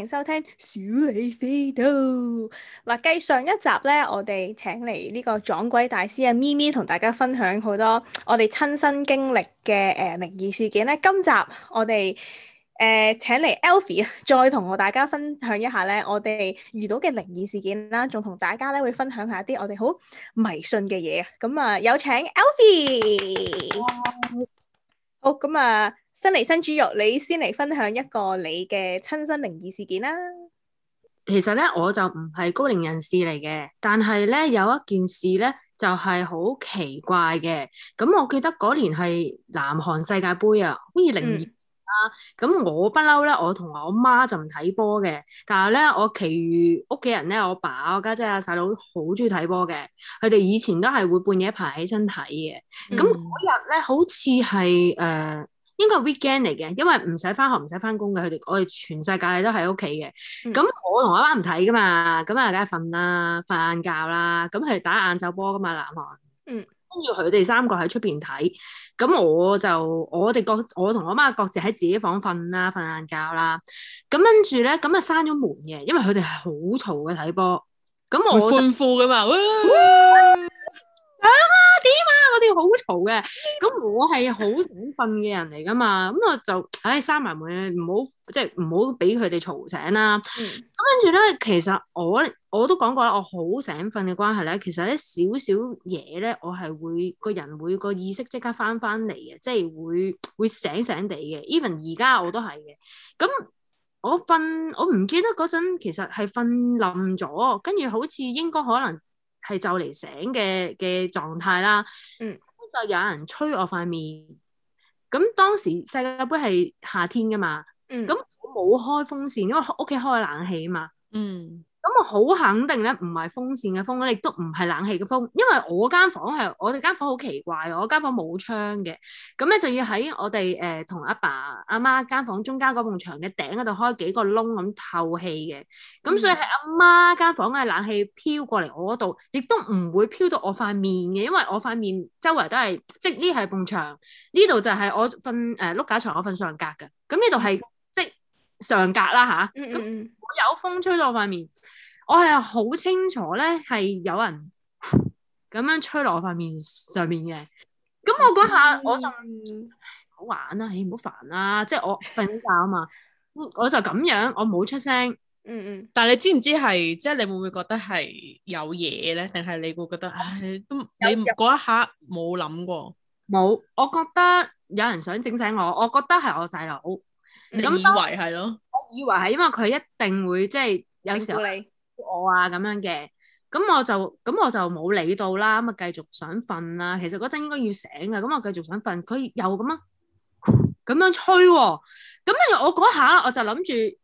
請收聽小李飛刀。嗱、啊，繼上一集咧，我哋請嚟呢個撞鬼大師啊咪咪，同大家分享好多我哋親身經歷嘅誒靈異事件咧。今集我哋誒、呃、請嚟 Alfy 啊，再同我大家分享一下咧，我哋遇到嘅靈異事件啦，仲同大家咧會分享下啲我哋好迷信嘅嘢啊。咁啊，有請 Alfy。哇好，咁啊。新嚟新豬肉，你先嚟分享一個你嘅親身靈異事件啦。其實咧，我就唔係高靈人士嚟嘅，但係咧有一件事咧就係、是、好奇怪嘅。咁我記得嗰年係南韓世界盃啊，好似零二啊。咁、嗯、我不嬲咧，我同我媽就唔睇波嘅。但係咧，我其餘屋企人咧，我爸、我家姐啊、細佬好鍾意睇波嘅。佢哋以前都係會半夜爬起身睇嘅。咁嗰、嗯、日咧，好似係誒。呃應該係 weekend 嚟嘅，因為唔使翻學、唔使翻工嘅，佢哋我哋全世界都喺屋企嘅。咁我同阿媽唔睇噶嘛，咁啊梗係瞓啦、瞓晏覺啦。咁佢哋打晏晝波噶嘛，嗱嘛。嗯。跟住佢哋三個喺出邊睇，咁我就我哋各我同我媽各自喺自己房瞓啦、瞓晏覺啦。咁跟住咧，咁啊閂咗門嘅，因為佢哋係好嘈嘅睇波。咁我歡呼噶嘛。點 啊！我哋好嘈嘅，咁我係好醒瞓嘅人嚟噶嘛，咁我就唉，閂埋門，唔好即係唔好俾佢哋嘈醒啦。咁跟住咧，其實我我都講過啦，我好醒瞓嘅關係咧，其實咧少少嘢咧，我係會個人會個意識即刻翻翻嚟嘅，即係會會醒醒地嘅。Even 而家我都係嘅。咁我瞓我唔記得嗰陣其實係瞓冧咗，跟住好似應該可能。係就嚟醒嘅嘅狀態啦，嗯，就有人吹我塊面，咁當時世界盃係夏天噶嘛，嗯，咁冇開風扇，因為屋企開冷氣啊嘛，嗯。咁我好肯定咧，唔係風扇嘅風，亦都唔係冷氣嘅風，因為我間房係我哋間房好奇怪，我間房冇窗嘅，咁咧就要喺我哋誒同阿爸阿媽間房中間嗰埲牆嘅頂嗰度開幾個窿咁透氣嘅，咁所以係阿媽間房嘅冷氣飄過嚟我嗰度，亦都唔會飄到我塊面嘅，因為我塊面周圍都係即呢係埲牆，呢度就係我瞓誒碌架床，我瞓上格嘅，咁呢度係。上格啦吓，咁、嗯嗯、有風吹到我塊面，我係好清楚咧，係有人咁樣吹落我塊面上面嘅。咁我嗰下我就好、嗯、玩啦、啊，你唔好煩啦，即係我瞓緊覺啊嘛， 我就咁樣，我冇出聲。嗯嗯。但係你知唔知係，即、就、係、是、你會唔會覺得係有嘢咧？定係你會覺得唉，都你嗰一刻冇諗過。冇，我覺得有人想整醒我，我覺得係我細佬。你以為係咯？我以為係，因為佢一定會即係有時候我啊咁樣嘅，咁我就咁我就冇理到啦，咁啊繼續想瞓啦。其實嗰陣應該要醒噶，咁啊繼續想瞓，佢又咁啊咁樣吹，咁啊我嗰下我就諗住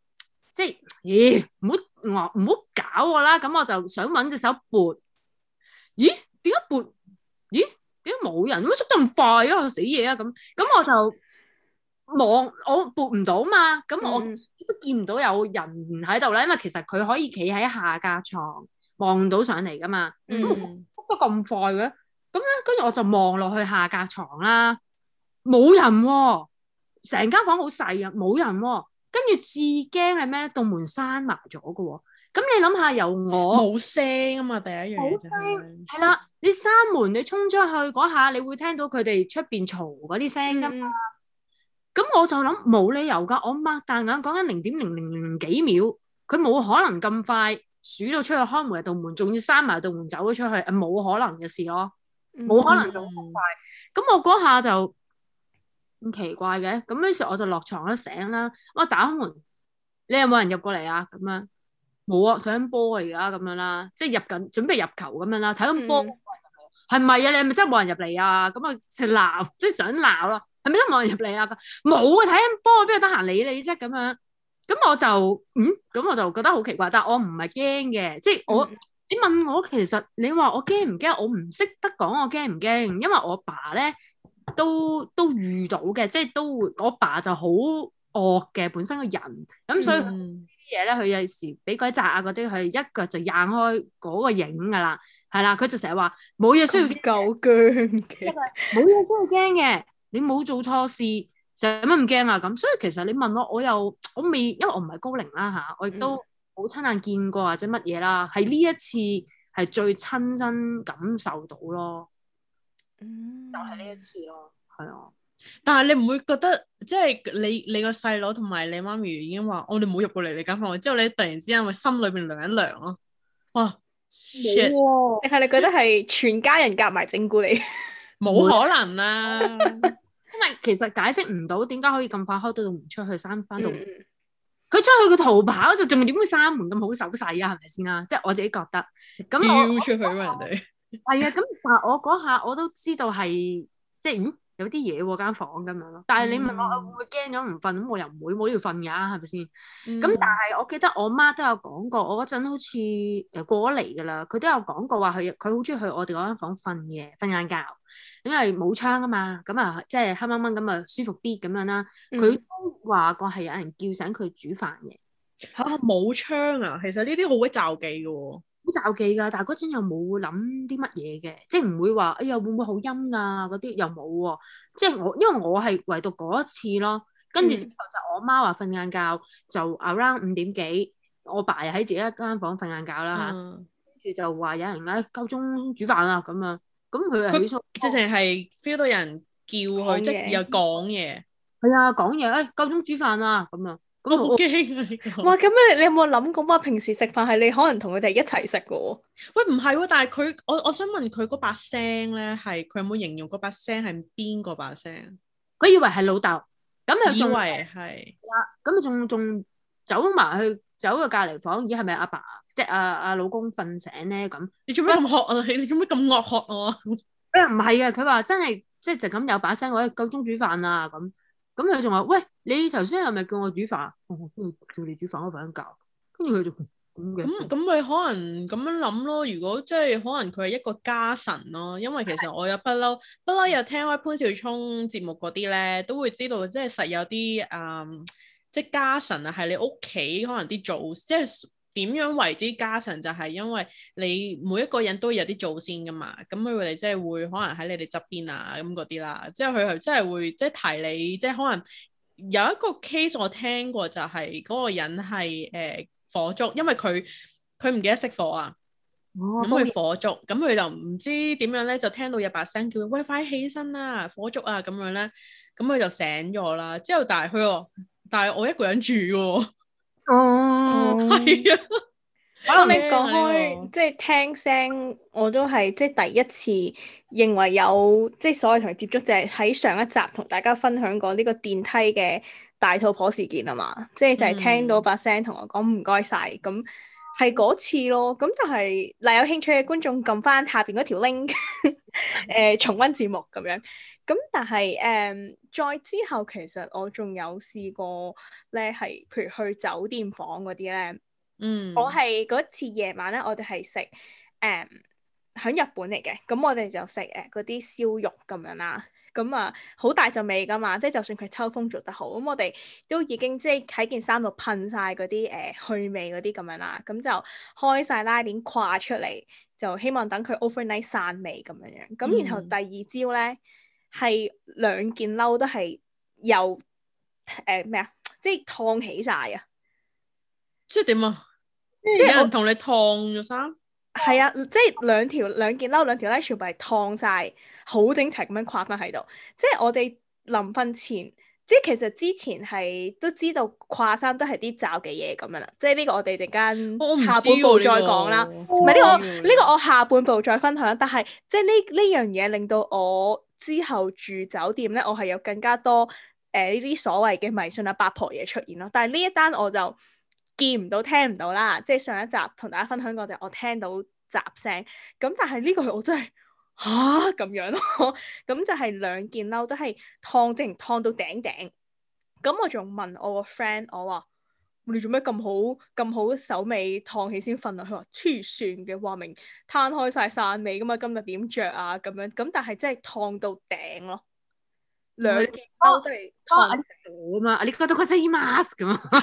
即係，咦唔好我唔好搞我啦，咁我就想揾隻手撥。咦？點解撥？咦？點解冇人？乜縮得咁快啊？死嘢啊！咁咁我就。望我撥唔到嘛，咁我、嗯、都見唔到有人喺度咧，因為其實佢可以企喺下架床望到上嚟噶嘛，嗯，撲得咁快嘅，咁咧跟住我就望落去下架床啦，冇人、哦，成間房好細啊，冇人、哦，跟住至驚係咩咧？道門閂埋咗嘅，咁你諗下由我冇聲啊嘛，第一樣、就是，冇聲係啦，你閂門你衝出去嗰下，你會聽到佢哋出邊嘈嗰啲聲噶嘛。嗯咁我就諗冇理由噶，我擘大眼講緊零點零零零幾秒，佢冇可能咁快數到出去開門道門，仲要閂埋道門走咗出去，冇可能嘅事咯，冇可能咁快。咁我嗰下就咁奇怪嘅，咁於是我就落床一醒啦，我打開門，你有冇人入過嚟啊？咁樣冇啊，睇緊波而家咁樣啦，即係入緊準備入球咁樣啦，睇緊波，係咪啊？你係咪真係冇人入嚟啊？咁啊，成鬧即係想鬧啦。係咪都冇人入嚟啊？冇啊！睇波邊個得閒理你啫咁樣。咁我就嗯，咁我就覺得好奇怪。但係我唔係驚嘅，即係我你問我其實你話我驚唔驚？我唔識得講我驚唔驚，因為我爸咧都都遇到嘅，即係都會。我爸就好惡嘅本身個人，咁所以呢啲嘢咧，佢有時俾鬼砸啊嗰啲，佢一腳就踹開嗰個影噶啦，係啦。佢就成日話冇嘢需要救姜嘅，冇嘢需要驚嘅。你冇做錯事，成乜唔驚啊？咁所以其實你問我，我又我未，因為我唔係高齡啦吓，我亦都冇親眼見過或者乜嘢啦，係呢一次係最親身感受到咯。嗯，就係呢一次咯，係啊。但係你唔會覺得，即係你你個細佬同埋你媽咪已經話，我哋冇入過嚟，你間房之後，你突然之間會心裏邊涼一涼咯？哇，冇定係你覺得係全家人夾埋整蠱你？ 冇可能啦，啊， 因為其實解釋唔到點解可以咁快開到到門出去閂翻到門佢，嗯、出去佢逃跑就仲點會閂門咁好手勢啊？係咪先啊？即、就、係、是、我自己覺得咁出去人哋。係啊，咁但係我嗰下我都知道係即係嗯有啲嘢喎，間房咁樣咯。但係你問我，嗯啊，會唔會驚咗唔瞓咁，我又唔會冇要瞓噶係咪先咁？是是嗯、但係我記得我媽都有講過，我嗰陣好似誒過咗嚟噶啦，佢都有講過話佢佢好中意去我哋嗰間房瞓嘅瞓晏覺。因為冇窗啊嘛，咁啊即係黑掹掹咁啊舒服啲咁樣啦。佢、嗯、都話過係有人叫醒佢煮飯嘅。吓冇窗啊，其實呢啲好鬼招忌噶。好招忌噶，但係嗰陣又冇諗啲乜嘢嘅，即係唔會話哎呀會唔會好陰啊嗰啲又冇。即係我因為我係唯獨嗰一次咯，跟住之後就我媽話瞓晏覺就 around 五點幾，我爸又喺自己一間房瞓晏覺啦吓，跟住、嗯、就話有人嗌夠鐘煮飯啊咁樣。咁佢係佢直情係 feel 到人叫佢，即又講嘢。係啊，講嘢，誒夠鐘煮飯啦，咁啊，咁好驚啊！哇，咁啊，你有冇諗過？哇，平時食飯係你可能同佢哋一齊食嘅喎。喂，唔係喎，但係佢，我我想問佢嗰把聲咧，係佢有冇形容嗰把聲係邊個把聲？佢以為係老豆，咁佢仲係啊，咁佢仲仲走埋去走去隔籬房，咦係咪阿爸啊？即係阿阿老公瞓醒咧咁，你做咩咁惡啊？但你做咩咁惡學我？誒唔係啊，佢話、呃、真係即係就咁有把聲，我喺夠鐘煮飯啦咁。咁佢仲話：喂，你頭先係咪叫我煮飯？我、哦、先叫你煮飯，我瞓緊覺。跟住佢就咁嘅。咁咁咪可能咁樣諗咯？如果即係可能佢係一個家臣咯，因為其實我又不嬲，不嬲又聽開潘少聰節目嗰啲咧，都會知道即係實有啲誒，即、嗯、係、就是、家臣啊，係你屋企可能啲做即係。就是點樣為之加神就係、是、因為你每一個人都有啲祖先噶嘛，咁佢哋即係會可能喺你哋側邊啊咁嗰啲啦，之後佢係真係會即係提你，即係可能有一個 case 我聽過就係嗰個人係誒、呃、火燭，因為佢佢唔記得熄火啊，咁佢、哦、火燭，咁佢、哦、就唔知點樣咧就聽到有把聲叫 WiFi 起身啦、啊、火燭啊咁樣咧，咁佢就醒咗啦。之後但係佢話，但係我一個人住喎。哦，係、嗯、啊！可能 你講開、啊、即係聽聲，我都係即係第一次認為有即係所謂同佢接觸，就係、是、喺上一集同大家分享過呢個電梯嘅大肚婆事件啊嘛，即係就係聽到把聲同我講唔該晒，咁係嗰次咯。咁就係、是、嗱，有興趣嘅觀眾撳翻下邊嗰條 link，誒、嗯、 重溫節目咁樣。咁但係誒。Um, 再之後，其實我仲有試過咧，係譬如去酒店房嗰啲咧，嗯，我係嗰次夜晚咧，我哋係食誒喺日本嚟嘅。咁我哋就食誒嗰啲燒肉咁樣啦，咁啊，好大陣味噶嘛，即係就算佢抽風做得好，咁我哋都已經即係喺件衫度噴晒嗰啲誒去味嗰啲咁樣啦，咁就開晒拉鍊跨出嚟，就希望等佢 overnight 散味咁樣樣，咁然後第二朝咧。嗯係兩件褸都係由誒咩、呃、啊？即係燙起晒啊！即係點啊？即係人同你燙咗衫？係啊，即係兩條兩件褸，兩條褸全部係燙晒，好整齊咁樣掛返喺度。即係我哋臨瞓前，即係其實之前係都知道掛衫都係啲罩嘅嘢咁樣啦。即係呢個我哋陣間下半部再講啦。唔係呢個呢、這個、個我下半部再分享，但係即係呢呢樣嘢令到我。之後住酒店咧，我係有更加多誒呢啲所謂嘅迷信啊、八婆嘢出現咯。但係呢一單我就見唔到，聽唔到啦。即係上一集同大家分享過，就我聽到雜聲，咁但係呢個我真係嚇咁樣咯。咁就係兩件褸都係燙，直情燙到頂頂。咁我仲問我個 friend 我話。你做咩咁好咁好手尾燙起先瞓啊？佢話黐線嘅話明攤開晒汕尾㗎嘛？今日點着啊？咁樣咁但係真係燙到頂咯，兩件都係燙到啊嘛！你覺得佢真係 mask 咁啊？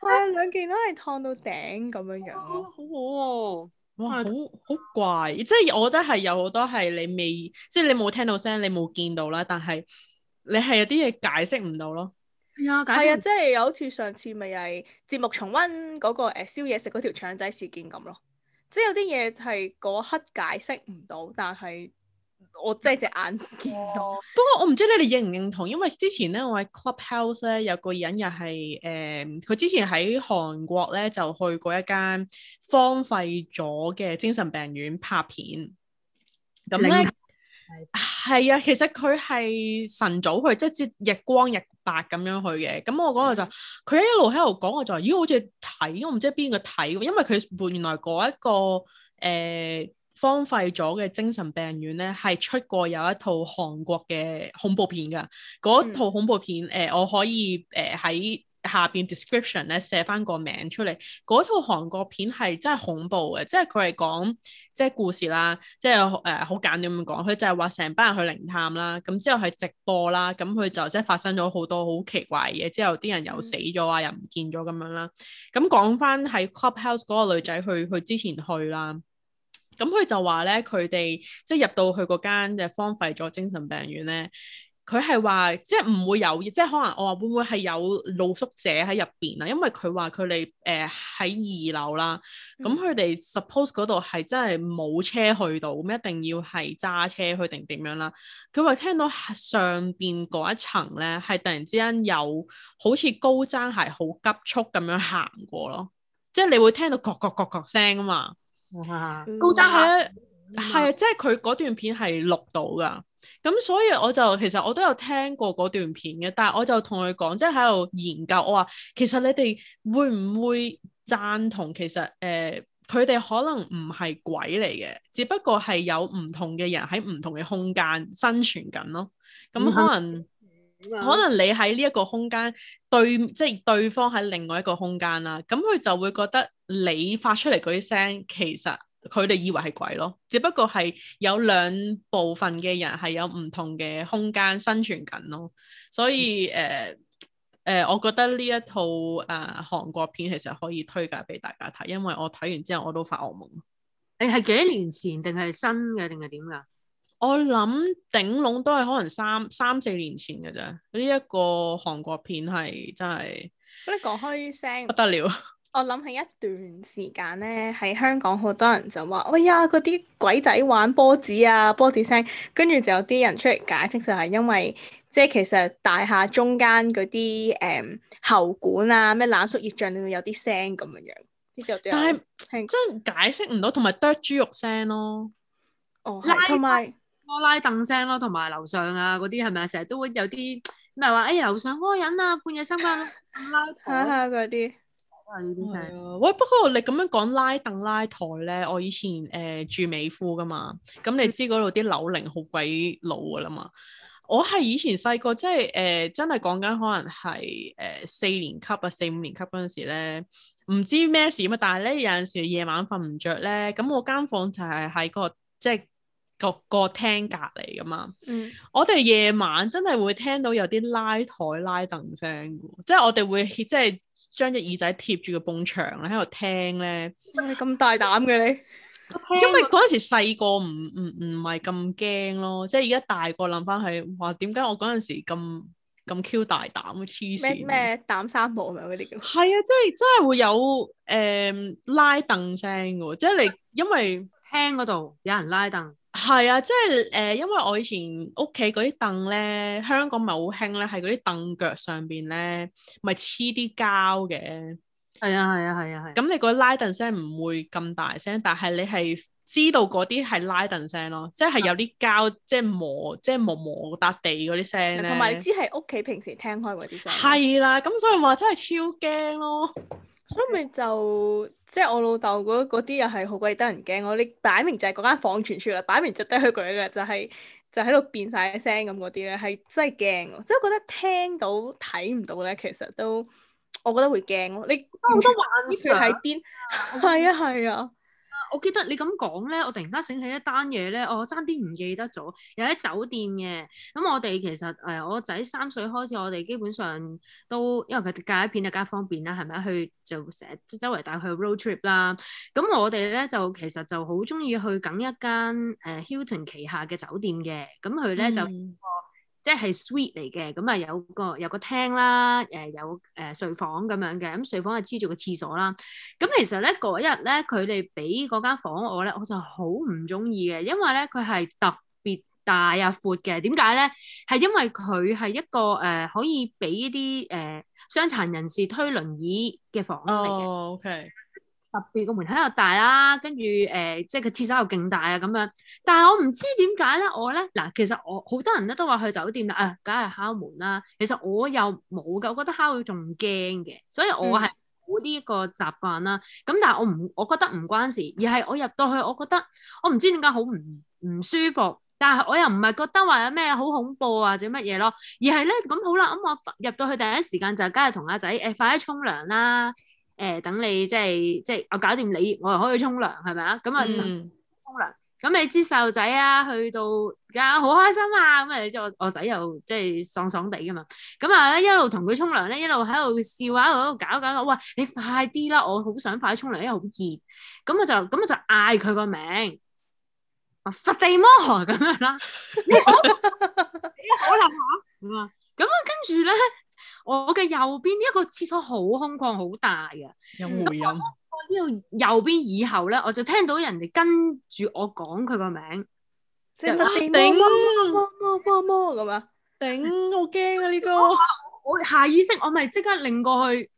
係兩件都係燙到頂咁樣樣、啊，好好喎、哦！哇，好好哇很怪！即係我覺得係有好多係你未，即係你冇聽到聲，你冇見到啦，但係你係有啲嘢解釋唔到咯。係啊、yeah，即係有好似上次咪係節目重温嗰、那個誒、呃、宵夜食嗰條腸仔事件咁咯，即係有啲嘢係嗰刻解釋唔到，但係我即係隻眼見到。嗯哦、 不過我唔知你哋認唔認同？因為之前咧，我喺 Clubhouse 咧有個人又係誒，佢、呃、之前喺韓國咧就去過一間荒廢咗嘅精神病院拍片，咁咧。嗯係啊，其實佢係晨早去，即係即日光日白咁樣去嘅。咁我講嘅就，佢一路喺度講嘅就，咦，好似睇，我唔知邊個睇。因為佢原原來嗰、那、一個誒、呃、荒廢咗嘅精神病院咧，係出過有一套韓國嘅恐怖片㗎。嗰套恐怖片，誒、嗯呃，我可以誒喺。呃下邊 description 咧寫翻個名出嚟，嗰套韓國片係真係恐怖嘅，即係佢係講即係故事啦，即係誒好簡單咁講，佢就係話成班人去靈探啦，咁之後係直播啦，咁佢就即係發生咗好多好奇怪嘢，之後啲人又死咗啊，又唔見咗咁樣啦。咁講翻、嗯、喺、嗯、Clubhouse 嗰個女仔去，佢之前去啦，咁佢就話咧，佢哋即係入到去嗰間即荒廢咗精神病院咧。佢係話，即係唔會有，即係可能我話會唔會係有露宿者喺入邊啊？因為佢話佢哋誒喺二樓啦，咁佢哋 suppose 嗰度係真係冇車去到，咁一定要係揸車去定點樣啦？佢話聽到上邊嗰一層咧，係突然之間有好似高踭鞋好急速咁樣行過咯，即係你會聽到咯咯咯咯聲啊嘛，嗯、高踭鞋。嗯。係啊，即係佢嗰段片係錄到噶，咁所以我就其實我都有聽過嗰段片嘅，但係我就同佢講，即係喺度研究，我話其實你哋會唔會贊同？其實誒，呃、佢哋可能唔係鬼嚟嘅，只不過係有唔同嘅人喺唔同嘅空間生存緊咯、啊。咁可能、嗯嗯、可能你喺呢一個空間對，即係對方喺另外一個空間啦，咁佢就會覺得你發出嚟嗰啲聲其實。佢哋以為係鬼咯，只不過係有兩部分嘅人係有唔同嘅空間生存緊咯。所以誒誒、嗯呃呃，我覺得呢一套誒呃韓國片其實可以推介俾大家睇，因為我睇完之後我都發惡夢。你係幾年前定係新嘅定係點樣㗎？我諗頂籠都係可能三三四年前㗎啫。呢一個韓國片係真係，你講開聲不得了。我諗起一段時間咧，喺香港好多人就話，哎呀，嗰啲鬼仔玩波子啊，波子聲，跟住就有啲人出嚟解釋就係因為，即係其實大廈中間嗰啲誒喉管啊，咩冷縮熱脹裏面有啲聲咁樣樣，但係真解釋唔到，同埋剁豬肉聲咯，哦，同埋拖拉凳聲有咯，同埋樓上啊嗰啲係咪？成日都會有啲唔係話哎樓上屙人啊，半夜三更拉下嗰啲。 係啊， 喂，不過你咁樣講拉凳拉台咧，我以前誒、呃、住美孚噶嘛，咁你知嗰度啲樓齡好鬼老噶啦嘛，我係以前細個，即係誒真係講緊可能係誒四年級啊四五年級嗰陣時咧，唔知咩事啊，但係咧有陣時夜晚瞓唔着咧，咁我間房就係喺個即係。個個廳隔離㗎嘛？嗯、我哋夜晚真係會聽到有啲拉枱拉凳聲嘅，即係我哋會即係將隻耳仔貼住個埲牆咧，喺度聽咧。你咁大膽嘅你。因為嗰陣時細個唔唔唔係咁驚咯，即係而家大個諗翻係話，點解我嗰陣時咁咁 Q 大膽嘅黐線咩？膽生毛咪啲叫係啊，即係真係會有誒拉凳聲嘅，即係你因為廳嗰度有人拉凳。係啊，即係誒、呃，因為我以前屋企嗰啲凳咧，香港咪好興咧，係嗰啲凳腳上邊咧，咪黐啲膠嘅。係啊係啊係啊係。咁、啊、你個拉凳聲唔會咁大聲，但係你係知道嗰啲係拉凳聲咯，即係有啲膠即係磨即係磨磨打地嗰啲聲。同埋你知係屋企平時聽開嗰啲聲。係啦、啊，咁所以話真係超驚咯。所以咪就即係、就是、我老豆嗰啲又係好鬼得人驚，我你擺明就係嗰間房傳出啦，擺明就低佢鬼啦，就係、是、就喺度變晒聲咁嗰啲咧，係真係驚，即係覺得聽到睇唔到咧，其實都我覺得會驚，你好多幻覺喺邊，係啊係啊。我記得你咁講咧，我突然間醒起一單嘢咧，我差啲唔記得咗，有喺酒店嘅。咁我哋其實誒，我仔三歲開始，我哋基本上都因為佢哋隔一片啊，更加方便啦，係咪？去就成日即周圍帶去 road trip 啦。咁我哋咧就其實就好中意去緊一間誒、呃、Hilton 旗下嘅酒店嘅。咁佢咧就。嗯即係 suite 嚟嘅，咁啊有個有個廳啦，誒有誒、呃、睡房咁樣嘅，咁睡房係黐住個廁所啦。咁其實咧嗰一日咧，佢哋俾嗰間房我咧，我就好唔中意嘅，因為咧佢係特別大啊，闊嘅。點解咧？係因為佢係一個誒、呃、可以俾一啲誒傷殘人士推輪椅嘅房嚟嘅。Oh, okay. 特別個門口又大啦，跟住誒，即係個廁所又勁大啊咁樣。但係我唔知點解咧，我咧嗱，其實我好多人咧都話去酒店啦，啊，梗係敲門啦、啊。其實我又冇噶，我覺得敲會仲驚嘅，所以我係冇呢一個習慣啦、啊。咁但係我唔，我覺得唔關事，而係我入到去，我覺得我唔知點解好唔唔舒服，但係我又唔係覺得話有咩好恐怖啊或者乜嘢咯，而係咧咁好啦，咁我入到去第一時間就梗係同阿仔誒快啲沖涼啦。誒，等你即係即係，我搞掂你，我就可以沖涼，係咪啊？咁啊，沖涼。咁你知細路仔啊，去到而家好開心啊，咁啊，之後我我仔又即係爽爽地噶嘛。咁啊，一路同佢沖涼咧，一路喺度笑啊，一路搞搞，哇！你快啲啦，我好想快啲沖涼，因為好熱。咁我就咁我就嗌佢個名，啊，佛地魔咁樣啦。我諗下，咁啊，跟住咧。我嘅右邊一個廁所好空曠，好大嘅。咁我呢度右邊以後咧，我就聽到人哋跟住我講佢個名，即係頂花魔花魔咁啊！頂，好驚啊呢個！我我下意識我咪即刻擰過去，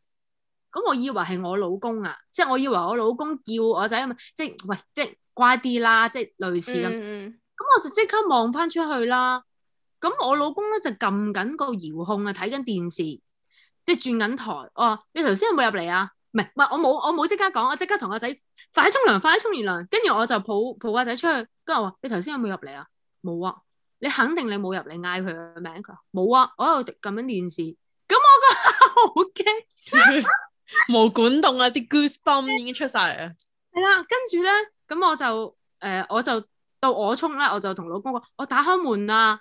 咁我以為係我老公啊，即係我以為我老公叫我仔啊嘛，即係喂，即係乖啲啦，即係類似咁。咁我就即刻望翻出去啦。咁我老公咧就撳緊個遙控啊，睇緊電視，即係轉緊台哦。你頭先有冇入嚟啊？唔係，唔係我冇，我冇即刻講，我即刻同阿仔快沖涼，快沖完涼，跟住我就抱抱阿仔出去。跟住我話你頭先有冇入嚟啊？冇啊！你肯定你冇入嚟，嗌佢個名，佢話冇啊，我喺度撳緊電視。咁我個好驚，冇 管凍啊，啲 goosebump 已經出晒嚟啊。係啦，跟住咧，咁我就誒、呃，我就到我沖啦，我就同老公講，我打開門啦。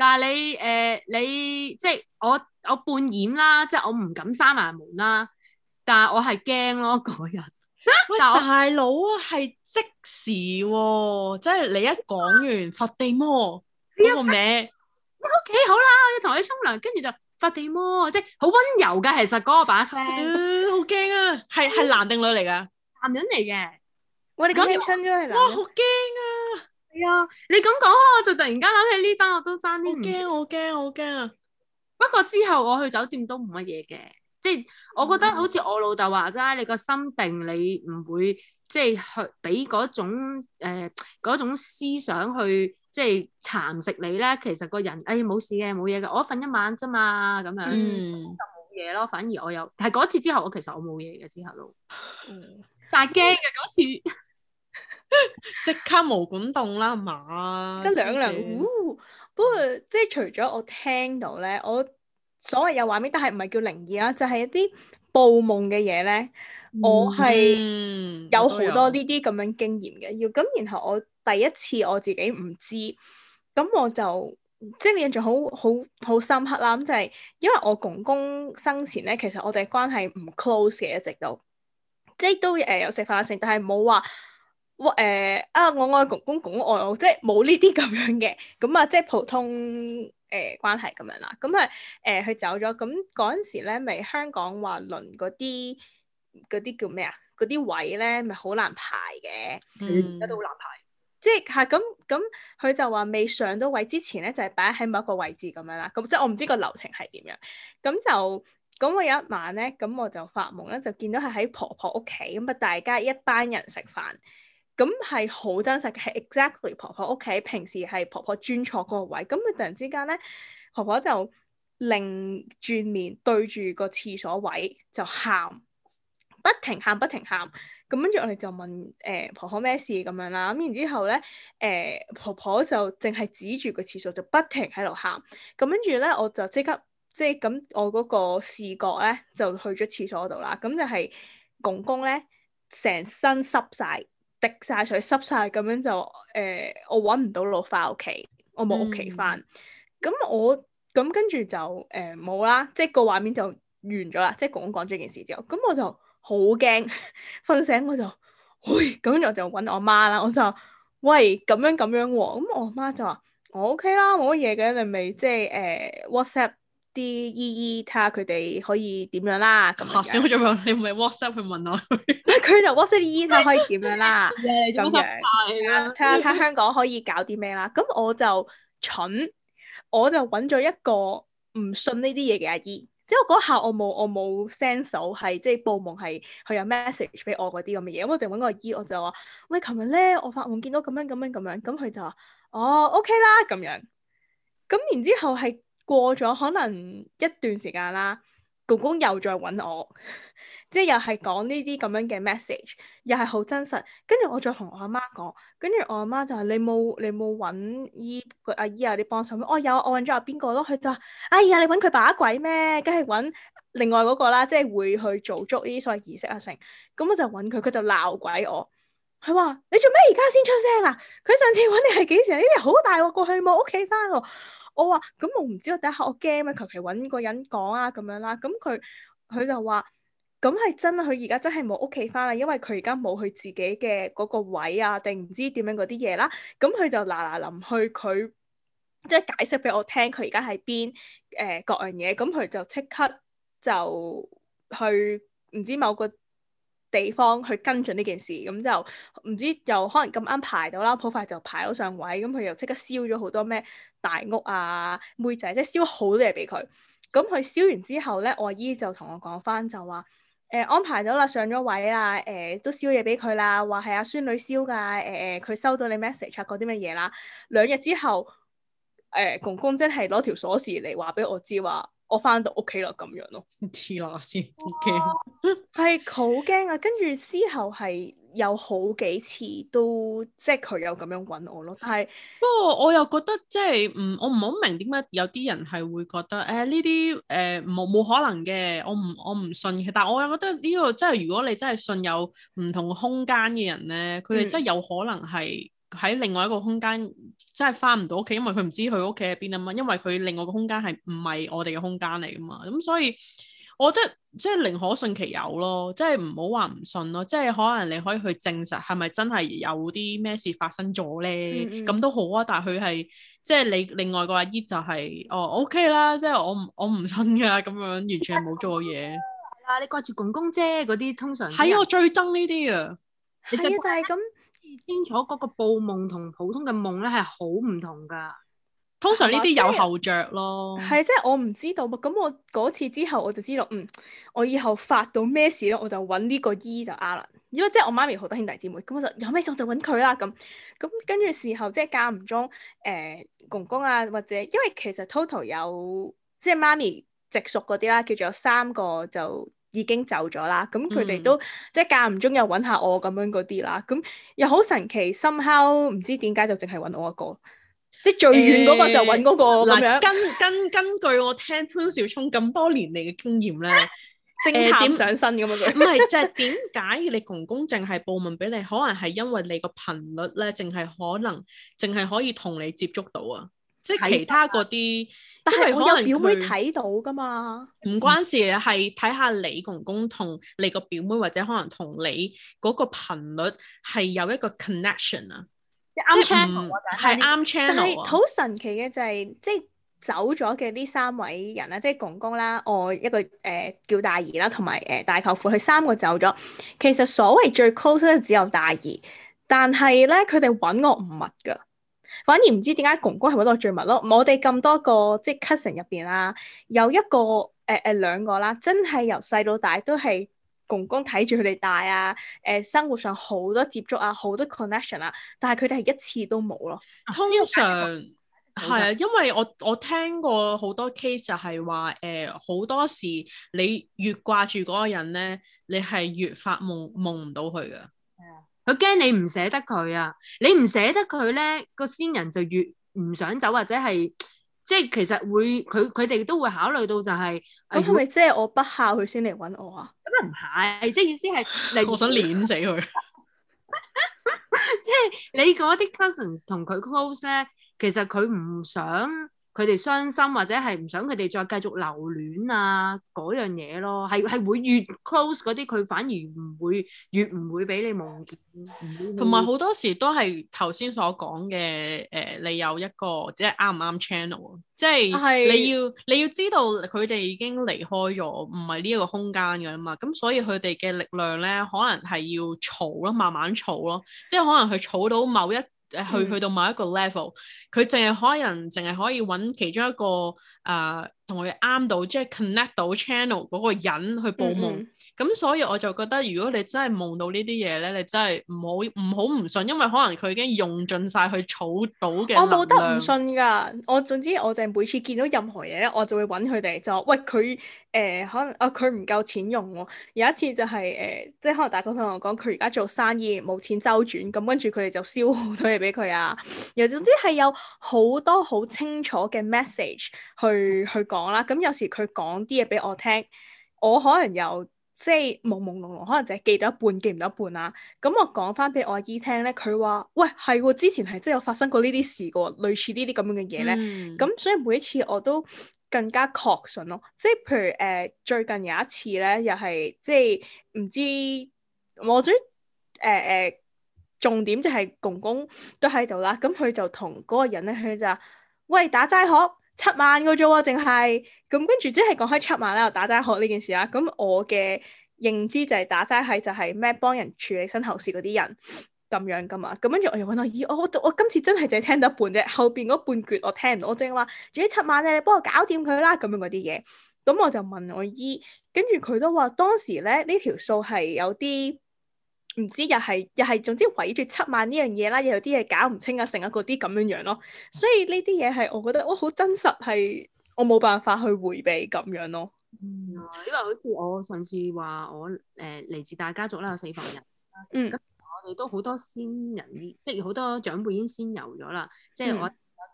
但係你誒，你即係我，我半掩啦，即係我唔敢閂埋門啦。但係我係驚咯嗰日。喂大佬啊，係即時喎，即係你一講完佛地魔呢個名，O K 好啦，我要同你沖涼，跟住就佛地魔，即係好溫柔嘅其實嗰個把聲，好驚啊！係，係男定女嚟㗎？男人嚟嘅。我哋講完春都係男。哇，好驚啊！係啊，yeah, 你咁講，我就突然間諗起呢單，我都爭啲驚，我驚，我驚啊！不過之後我去酒店都唔乜嘢嘅，即係我覺得好似我老豆話齋，你個心定你，你唔會即係去俾嗰種誒、呃、種思想去即係蠶食你咧。其實個人誒冇、哎、事嘅，冇嘢嘅，我瞓一晚啫嘛，咁樣就冇嘢咯。反而我有係嗰次之後，我其實我冇嘢嘅之後咯，mm. 但係驚嘅嗰次。Mm. 即 刻毛管動啦，嘛跟兩兩， 不過即係除咗我聽到咧，我所謂有畫面，但係唔係叫靈異啦，就係、是、一啲報夢嘅嘢咧。嗯、我係有好多呢啲咁樣經驗嘅，要咁然後我第一次我自己唔知，咁我就即係你印象好好好深刻啦。咁就係、是、因為我公公生前咧，其實我哋關係唔 close 嘅，一直都係即係都誒有食飯先，但係冇話。我、呃、啊！我愛公公，公愛我，即係冇呢啲咁樣嘅，咁啊，即係普通誒、呃、關係咁樣啦。咁啊誒，佢、嗯嗯、走咗，咁嗰陣時咧，咪香港華倫嗰啲啲叫咩啊？嗰啲位咧，咪好難排嘅，一直都好難排。即係嚇咁咁，佢就話未上咗位之前咧，就係擺喺某一個位置咁樣啦。咁即係我唔知個流程係點樣。咁就咁我有一晚咧，咁我就發夢咧，就見到係喺婆婆屋企咁啊，大家一班人食飯。咁係好真實嘅，係 exactly 婆婆屋企平時係婆婆專坐嗰個位，咁佢突然之間咧，婆婆就擰轉面對住個廁所位就喊，不停喊，不停喊，咁跟住我哋就問誒、呃、婆婆咩事咁樣啦、啊，咁然之後咧誒、呃、婆婆就淨係指住個廁所就不停喺度喊，咁跟住咧我就即刻即係咁我嗰個視覺咧就去咗廁所度啦，咁就係、是、公公咧成身濕晒。滴晒水濕晒，咁樣就誒、呃，我揾唔到路返屋企，我冇屋企返。咁、嗯、我咁跟住就誒冇啦，即係個畫面就完咗啦。即係講講咗件事之後，咁我就好驚，瞓 醒我就，就我，我就，喂，咁樣我就揾我媽啦。我就話，喂，咁樣咁樣喎。咁我媽就話，嗯、我 OK 啦，冇乜嘢嘅，你咪即係誒、呃、WhatsApp。啲姨姨睇下佢哋可以點樣啦，咁嚇！少咗，你唔係 WhatsApp 去問我佢？ 佢就 WhatsApp 啲姨睇下可以點樣啦，咁 樣睇下睇下香港可以搞啲咩啦？咁 我就蠢，我就揾咗一個唔信呢啲嘢嘅阿姨。即係我嗰下我冇我冇 send 手，係即係報夢係佢有 message 俾我嗰啲咁嘅嘢。咁我就揾個姨，我就話：喂，琴日咧我發夢見到咁樣咁樣咁樣，咁佢就話：哦，OK 啦咁樣。咁然之後係。過咗可能一段時間啦，公公又再搵我，即係又係講呢啲咁樣嘅 message，又係好真實。跟住我再同我阿媽講，跟住我阿媽就話：你冇你冇搵醫個阿姨啊，你幫手咩？我、哦、有，我搵咗阿邊個咯。佢就話：哎呀，你搵佢把鬼咩？梗係搵另外嗰個啦，即係會去做足呢啲所謂儀式啊，成。咁我就搵佢，佢就鬧鬼我。佢話：你做咩而家先出聲啊？佢上次搵你係幾時啊？你好大鑊過去冇屋企翻喎。我話咁我唔知，我第一刻我驚啊！求其揾個人講啊咁樣啦。咁佢，佢就話咁係真啊！佢而家真係冇屋企翻啦，因為佢而家冇佢自己嘅嗰個位啊，定唔知點樣嗰啲嘢啦。咁佢就嗱嗱臨去佢即係解釋俾我聽在在，佢而家喺邊誒各樣嘢。咁佢就即刻就去唔知某個。地方去跟進呢件事，咁就唔知就可能咁啱排到啦，好快就排到上位，咁佢又即刻燒咗好多咩大屋啊妹仔，即係燒好多嘢俾佢。咁佢燒完之後咧，我姨就同我講翻，就話誒安排咗啦，上咗位啦，誒、呃、都燒嘢俾佢啦，話係阿孫女燒㗎，誒、呃、佢收到你 message 嗰啲乜嘢啦。兩日之後，誒、呃、公公真係攞條鎖匙嚟話俾我知話，我翻到屋企啦，咁樣咯，黐乸先驚，係好驚啊！跟住之後係有好幾次都，即係佢有咁樣揾我咯。但係不過我又覺得即係，嗯、就是，我唔好明點解有啲人係會覺得，誒呢啲誒冇冇可能嘅，我唔我唔信嘅。但係我又覺得呢、呢個真係，就是、如果你真係信有唔同空間嘅人咧，佢哋真係有可能係。嗯喺另外一個空間，真係翻唔到屋企，因為佢唔知佢屋企喺邊啊嘛。因為佢另外個空間係唔係我哋嘅空間嚟噶嘛。咁所以，我覺得即係寧可信其有咯，即係唔好話唔信咯。即係可能你可以去證實係咪真係有啲咩事發生咗咧？咁、嗯嗯、都好啊。但係佢係即係你另外個阿姨就係、是、哦 O K 啦，即係我唔我唔信噶咁樣，完全係冇做嘢。係啦，你掛住公公啫，嗰啲通常係我最憎呢啲啊。其實，但係咁。清楚嗰個報夢同普通嘅夢咧，係好唔同噶，通常呢啲有後着咯。係即係我唔知道，咁我嗰次之後我就知道，嗯，我以後發到咩事咧，我就搵呢個姨、e, 就啱啦。因為即係我媽咪好多兄弟姊妹，咁我就有咩事我就搵佢啦。咁咁跟住事後即係間唔中，誒、呃、公公啊或者因為其實 total 有即係媽咪直屬嗰啲啦，叫做有三個就。已經走咗啦，咁佢哋都、嗯、即係間唔中又揾下我咁樣嗰啲啦，咁又好神奇，somehow 唔知點解就淨係揾我一個，即係最遠嗰、欸、個就揾嗰個咁樣根根根根據，我聽潘少聰咁多年嚟嘅經驗咧， 偵探上身咁樣、那個。唔 係， 即係點解你公公淨係報問俾你？可能係因為你個頻率咧，淨係可能淨係可以同你接觸到啊。即係其他嗰啲，但係是 我有表妹睇他 他 到噶嘛，唔關事，係睇下你公公同你個表妹或者可能同你嗰個頻率係有一個 connection 啊，啱 channel 係啱 channel。但係是好神奇嘅就係、是，即、就、係、是、走咗嘅呢三位人啦，即、就、係、是、公公啦，我一個誒、呃、叫大姨啦，同埋誒大舅父，佢三個走咗。其實所謂最 close 嘅只有大姨，但係咧佢哋揾我唔密㗎。反而唔知點解公公係揾到罪物咯。我哋咁多個即係 cousin 入邊啦，有一個誒誒、呃、兩個啦，真係由細到大都係公公睇住佢哋大啊，誒、呃、生活上好多接觸啊，好多 connection 啊，但係佢哋係一次都冇咯。通常係啊，因為我我聽過好多 case 就係話誒，好、呃、多時你越掛住嗰個人咧，你係越發夢夢唔到佢㗎。Yeah. 佢驚你唔捨得佢啊！你唔捨得佢咧，個先人就越唔想走，或者係即係其實會佢佢哋都會考慮到就係咁，係咪即係我不孝佢先嚟揾我啊？咁啊，唔係，即係意思係，我想碾死佢。 即係你嗰啲 cousins 同佢 close 咧，其實佢唔想。佢哋傷心或者係唔想佢哋再繼續留戀啊嗰樣嘢咯，係係會越 close 嗰啲佢反而唔會越唔會俾你夢見。同埋好多時都係頭先所講嘅誒，你有一個即係啱唔啱 channel，即係你要你要知道佢哋已經離開咗，唔係呢一個空間噶啦嘛。咁所以佢哋嘅力量咧，可能係要儲咯，慢慢儲咯，即係可能佢儲到某一。去去到某一個 level，佢淨係可能淨係可以揾其中一個啊，同佢啱到，即係 connect 到 channel 嗰個人去報夢。咁、嗯嗯、所以我就覺得，如果你真係夢到呢啲嘢咧，你真係唔好唔好唔信，因為可能佢已經用盡晒去儲到嘅。我冇得唔信㗎，我總之我就每次見到任何嘢咧，我就會揾佢哋，就話喂，佢。誒、呃、可能啊佢唔夠錢用喎、哦，有一次就係、是、誒、呃，即係可能大哥同我講佢而家做生意冇錢周轉，咁跟住佢哋就燒好多嘢俾佢啊。又後總之係有好多好清楚嘅 message 去去講啦。咁有時佢講啲嘢俾我聽，我可能有。即係朦朦朧朧，可能就係記得一半，記唔到一半啦、啊。咁我講翻俾我阿姨聽咧，佢話：喂，係喎，之前係真係有發生過呢啲事㗎，類似這這呢啲咁樣嘅嘢咧。咁、嗯、所以每一次我都更加確信咯。即係譬如誒、呃，最近有一次咧，又係即係唔知我最誒誒、呃、重點就係公公都喺度啦。咁佢就同嗰個人咧，佢就話：喂，打齋鶴！七萬個啫喎，淨係咁跟住，即係講開七萬咧，又打齋學呢件事啦。咁我嘅認知就係打齋係就係咩幫人處理身後事嗰啲人咁樣噶嘛。咁跟住我又問阿姨，我我，我今次真係就係聽到一半啫，後邊嗰半句我聽唔到，我正係話總之七萬咧，你幫我搞掂佢啦咁樣嗰啲嘢。咁我就問我姨，跟住佢都話當時咧呢條數係有啲。唔知又係又係，總之毀掉七萬呢樣嘢啦，又有啲嘢搞唔清啊，成日嗰啲咁樣樣咯。所以呢啲嘢係我覺得我好真實，係我冇辦法去迴避咁樣咯。嗯，因為好似我上次話我誒嚟、呃、自大家族啦，有四房人。嗯，我哋都好多先人，嗯、即係好多長輩已經仙遊咗啦。即係我同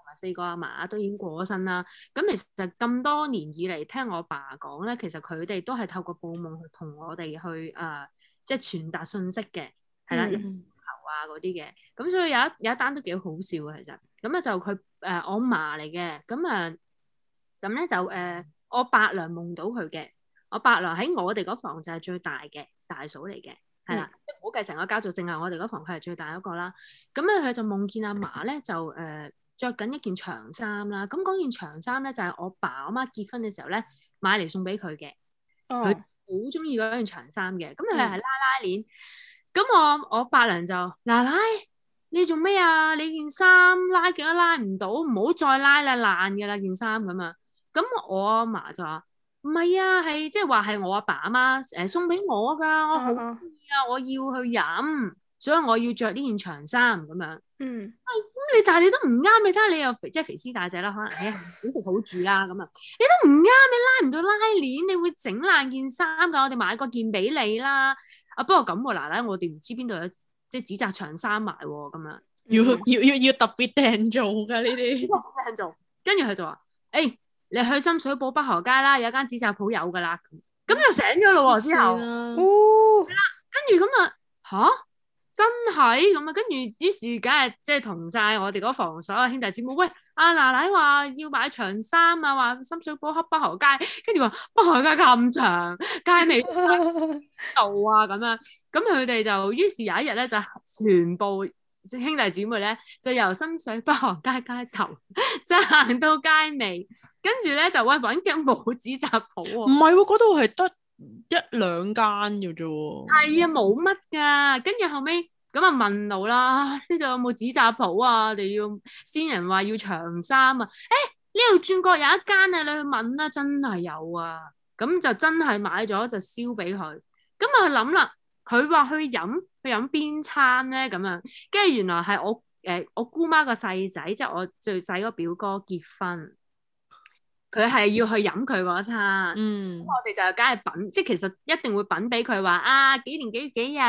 埋四個阿嫲都已經過咗身啦。咁、嗯、其實咁多年以嚟，聽我爸講咧，其實佢哋都係透過報夢去同我哋去誒。呃即係傳達信息嘅，係啦，頭、mm hmm. 啊嗰啲嘅，咁所以有一有一單都幾好笑嘅其實，咁啊就佢誒、呃、我阿嫲嚟嘅，咁啊咁咧就誒、呃、我伯娘夢到佢嘅，我伯娘喺我哋嗰房就係最大嘅大嫂嚟嘅，係啦，咁、mm hmm. 計成個家族，淨係我哋嗰房佢係最大嗰個啦，咁啊佢就夢見阿嫲咧就誒著緊一件長衫啦，咁嗰件長衫咧就係、是、我爸我媽結婚嘅時候咧買嚟送俾佢嘅，佢、oh.。好中意嗰件長衫嘅，咁佢係拉拉鏈，咁我我伯娘就，奶奶，你做咩啊？你件衫拉極都拉唔到，唔好再拉啦，爛嘅啦件衫咁啊！咁、就是、我阿嫲就話唔係啊，係即係話係我阿爸阿媽誒送俾我噶，我好中意啊，我要去飲。所以我要着呢件長衫咁樣，嗯，啊咁你但係你都唔啱，你睇下你又肥，即係肥屍大隻啦，可能哎呀好食好住啦咁啊，你都唔啱，你拉唔到拉鏈，你會整爛件衫噶，我哋買個件俾你啦。啊不過咁喎，嫲嫲，我哋唔知邊度有即係紙紮長衫賣喎，咁樣要要要要特別訂做噶呢啲，做。跟住佢就話，誒你去深水埗北河街啦，有間紙紮鋪有噶啦。咁就醒咗咯，之後，啦，跟住咁啊吓。真係咁啊！跟住於是梗係即係同曬我哋嗰房所有兄弟姊妹，喂，阿奶奶話要買長衫啊，話深水埗北河街，跟住話北河街咁長，街尾度啊咁樣，咁佢哋就於是有一日咧就全部兄弟姊妹咧就由深水埗北河街街頭即係行到街尾，跟住咧就喂，揾緊帽紙紮舖啊！唔係喎，嗰度係得。一兩間嘅啫，係啊，冇乜噶。跟住後尾咁啊問路啦，呢度有冇紙紮鋪啊？我哋要先人話要長衫啊。誒，呢度轉角有一間啊，你去問啦，真係有啊。咁就真係買咗就燒俾佢。咁啊諗啦，佢話去飲去飲邊餐咧咁樣，跟住原來係我誒、呃、我姑媽個細仔，即係我最細個表哥結婚。佢係要去飲佢嗰餐，咁、嗯、我哋就梗係品，即係其實一定會品俾佢話啊，幾年幾幾日，誒、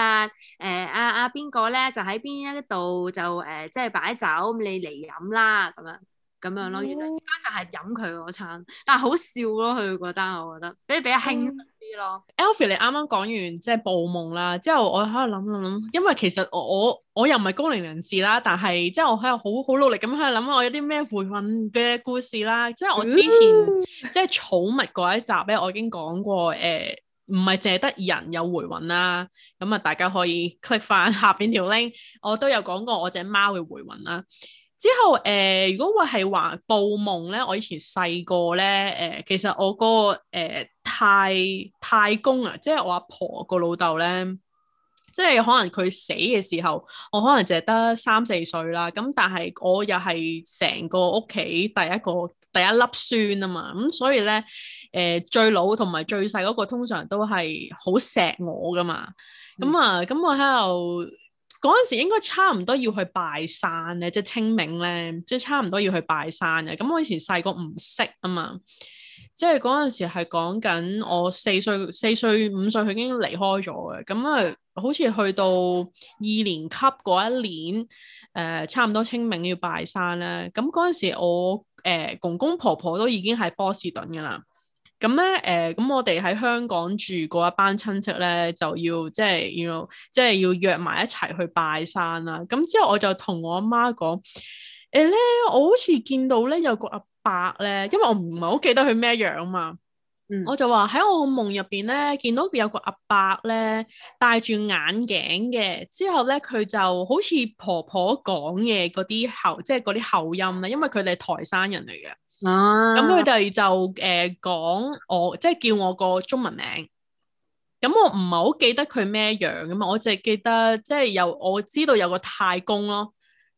呃、啊啊邊個咧就喺邊一度就誒、呃、即係擺酒，咁你嚟飲啦咁樣。咁樣咯，原來依家就係飲佢嗰餐，但係好笑咯，佢覺得，我覺得俾你比較輕鬆啲咯。Alfie，、嗯、你啱啱講完即係、就是、報夢啦，之後我喺度諗諗諗，因為其實我我，我又唔係高齡人士啦，但係即係我喺度好好努力咁喺度諗我有啲咩回魂嘅故事啦。即係、嗯、我之前即係寵物嗰一集咧，我已經講過誒，唔係淨係得人有回魂啦，咁啊大家可以 click 翻下邊條 link，我都有講過我隻貓嘅回魂啦。之後，誒、呃，如果我係話報夢咧，我以前細個咧，誒、呃，其實我個誒、呃、太太公啊，即係我阿婆個老豆咧，即係可能佢死嘅時候，我可能就係得三四歲啦。咁但係我又係成個屋企第一個第一粒孫啊嘛，咁、嗯、所以咧，誒、呃、最老同埋最細嗰個通常都係好錫我噶嘛，咁啊，咁我喺度。嗯嗰陣時應該差唔多要去拜山咧，即係清明咧，即係差唔多要去拜山嘅。咁我以前細個唔識啊嘛，即係嗰陣時係講緊我四歲、四歲、五歲佢已經離開咗嘅。咁啊，好似去到二年級嗰一年，誒、呃，差唔多清明要拜山咧。咁嗰陣時我誒、呃、公公婆婆都已經喺波士頓㗎啦。咁咧，誒，咁、呃、我哋喺香港住過一班親戚咧，就要即係要，即係 you know, 要約埋一齊去拜山啦。咁之後，我就同我阿媽講，誒咧，我好似見到咧有個阿伯咧，因為我唔係好記得佢咩樣啊嘛。嗯，我就話喺我夢入邊咧，見到有個阿伯咧戴住眼鏡嘅，之後咧佢就好似婆婆講嘢嗰啲喉，即係啲口音咧，因為佢哋係台山人嚟嘅。咁佢哋就誒講、呃、我即係叫我個中文名，咁我唔係好記得佢咩樣噶嘛，我只係記得即係有我知道有個太公咯，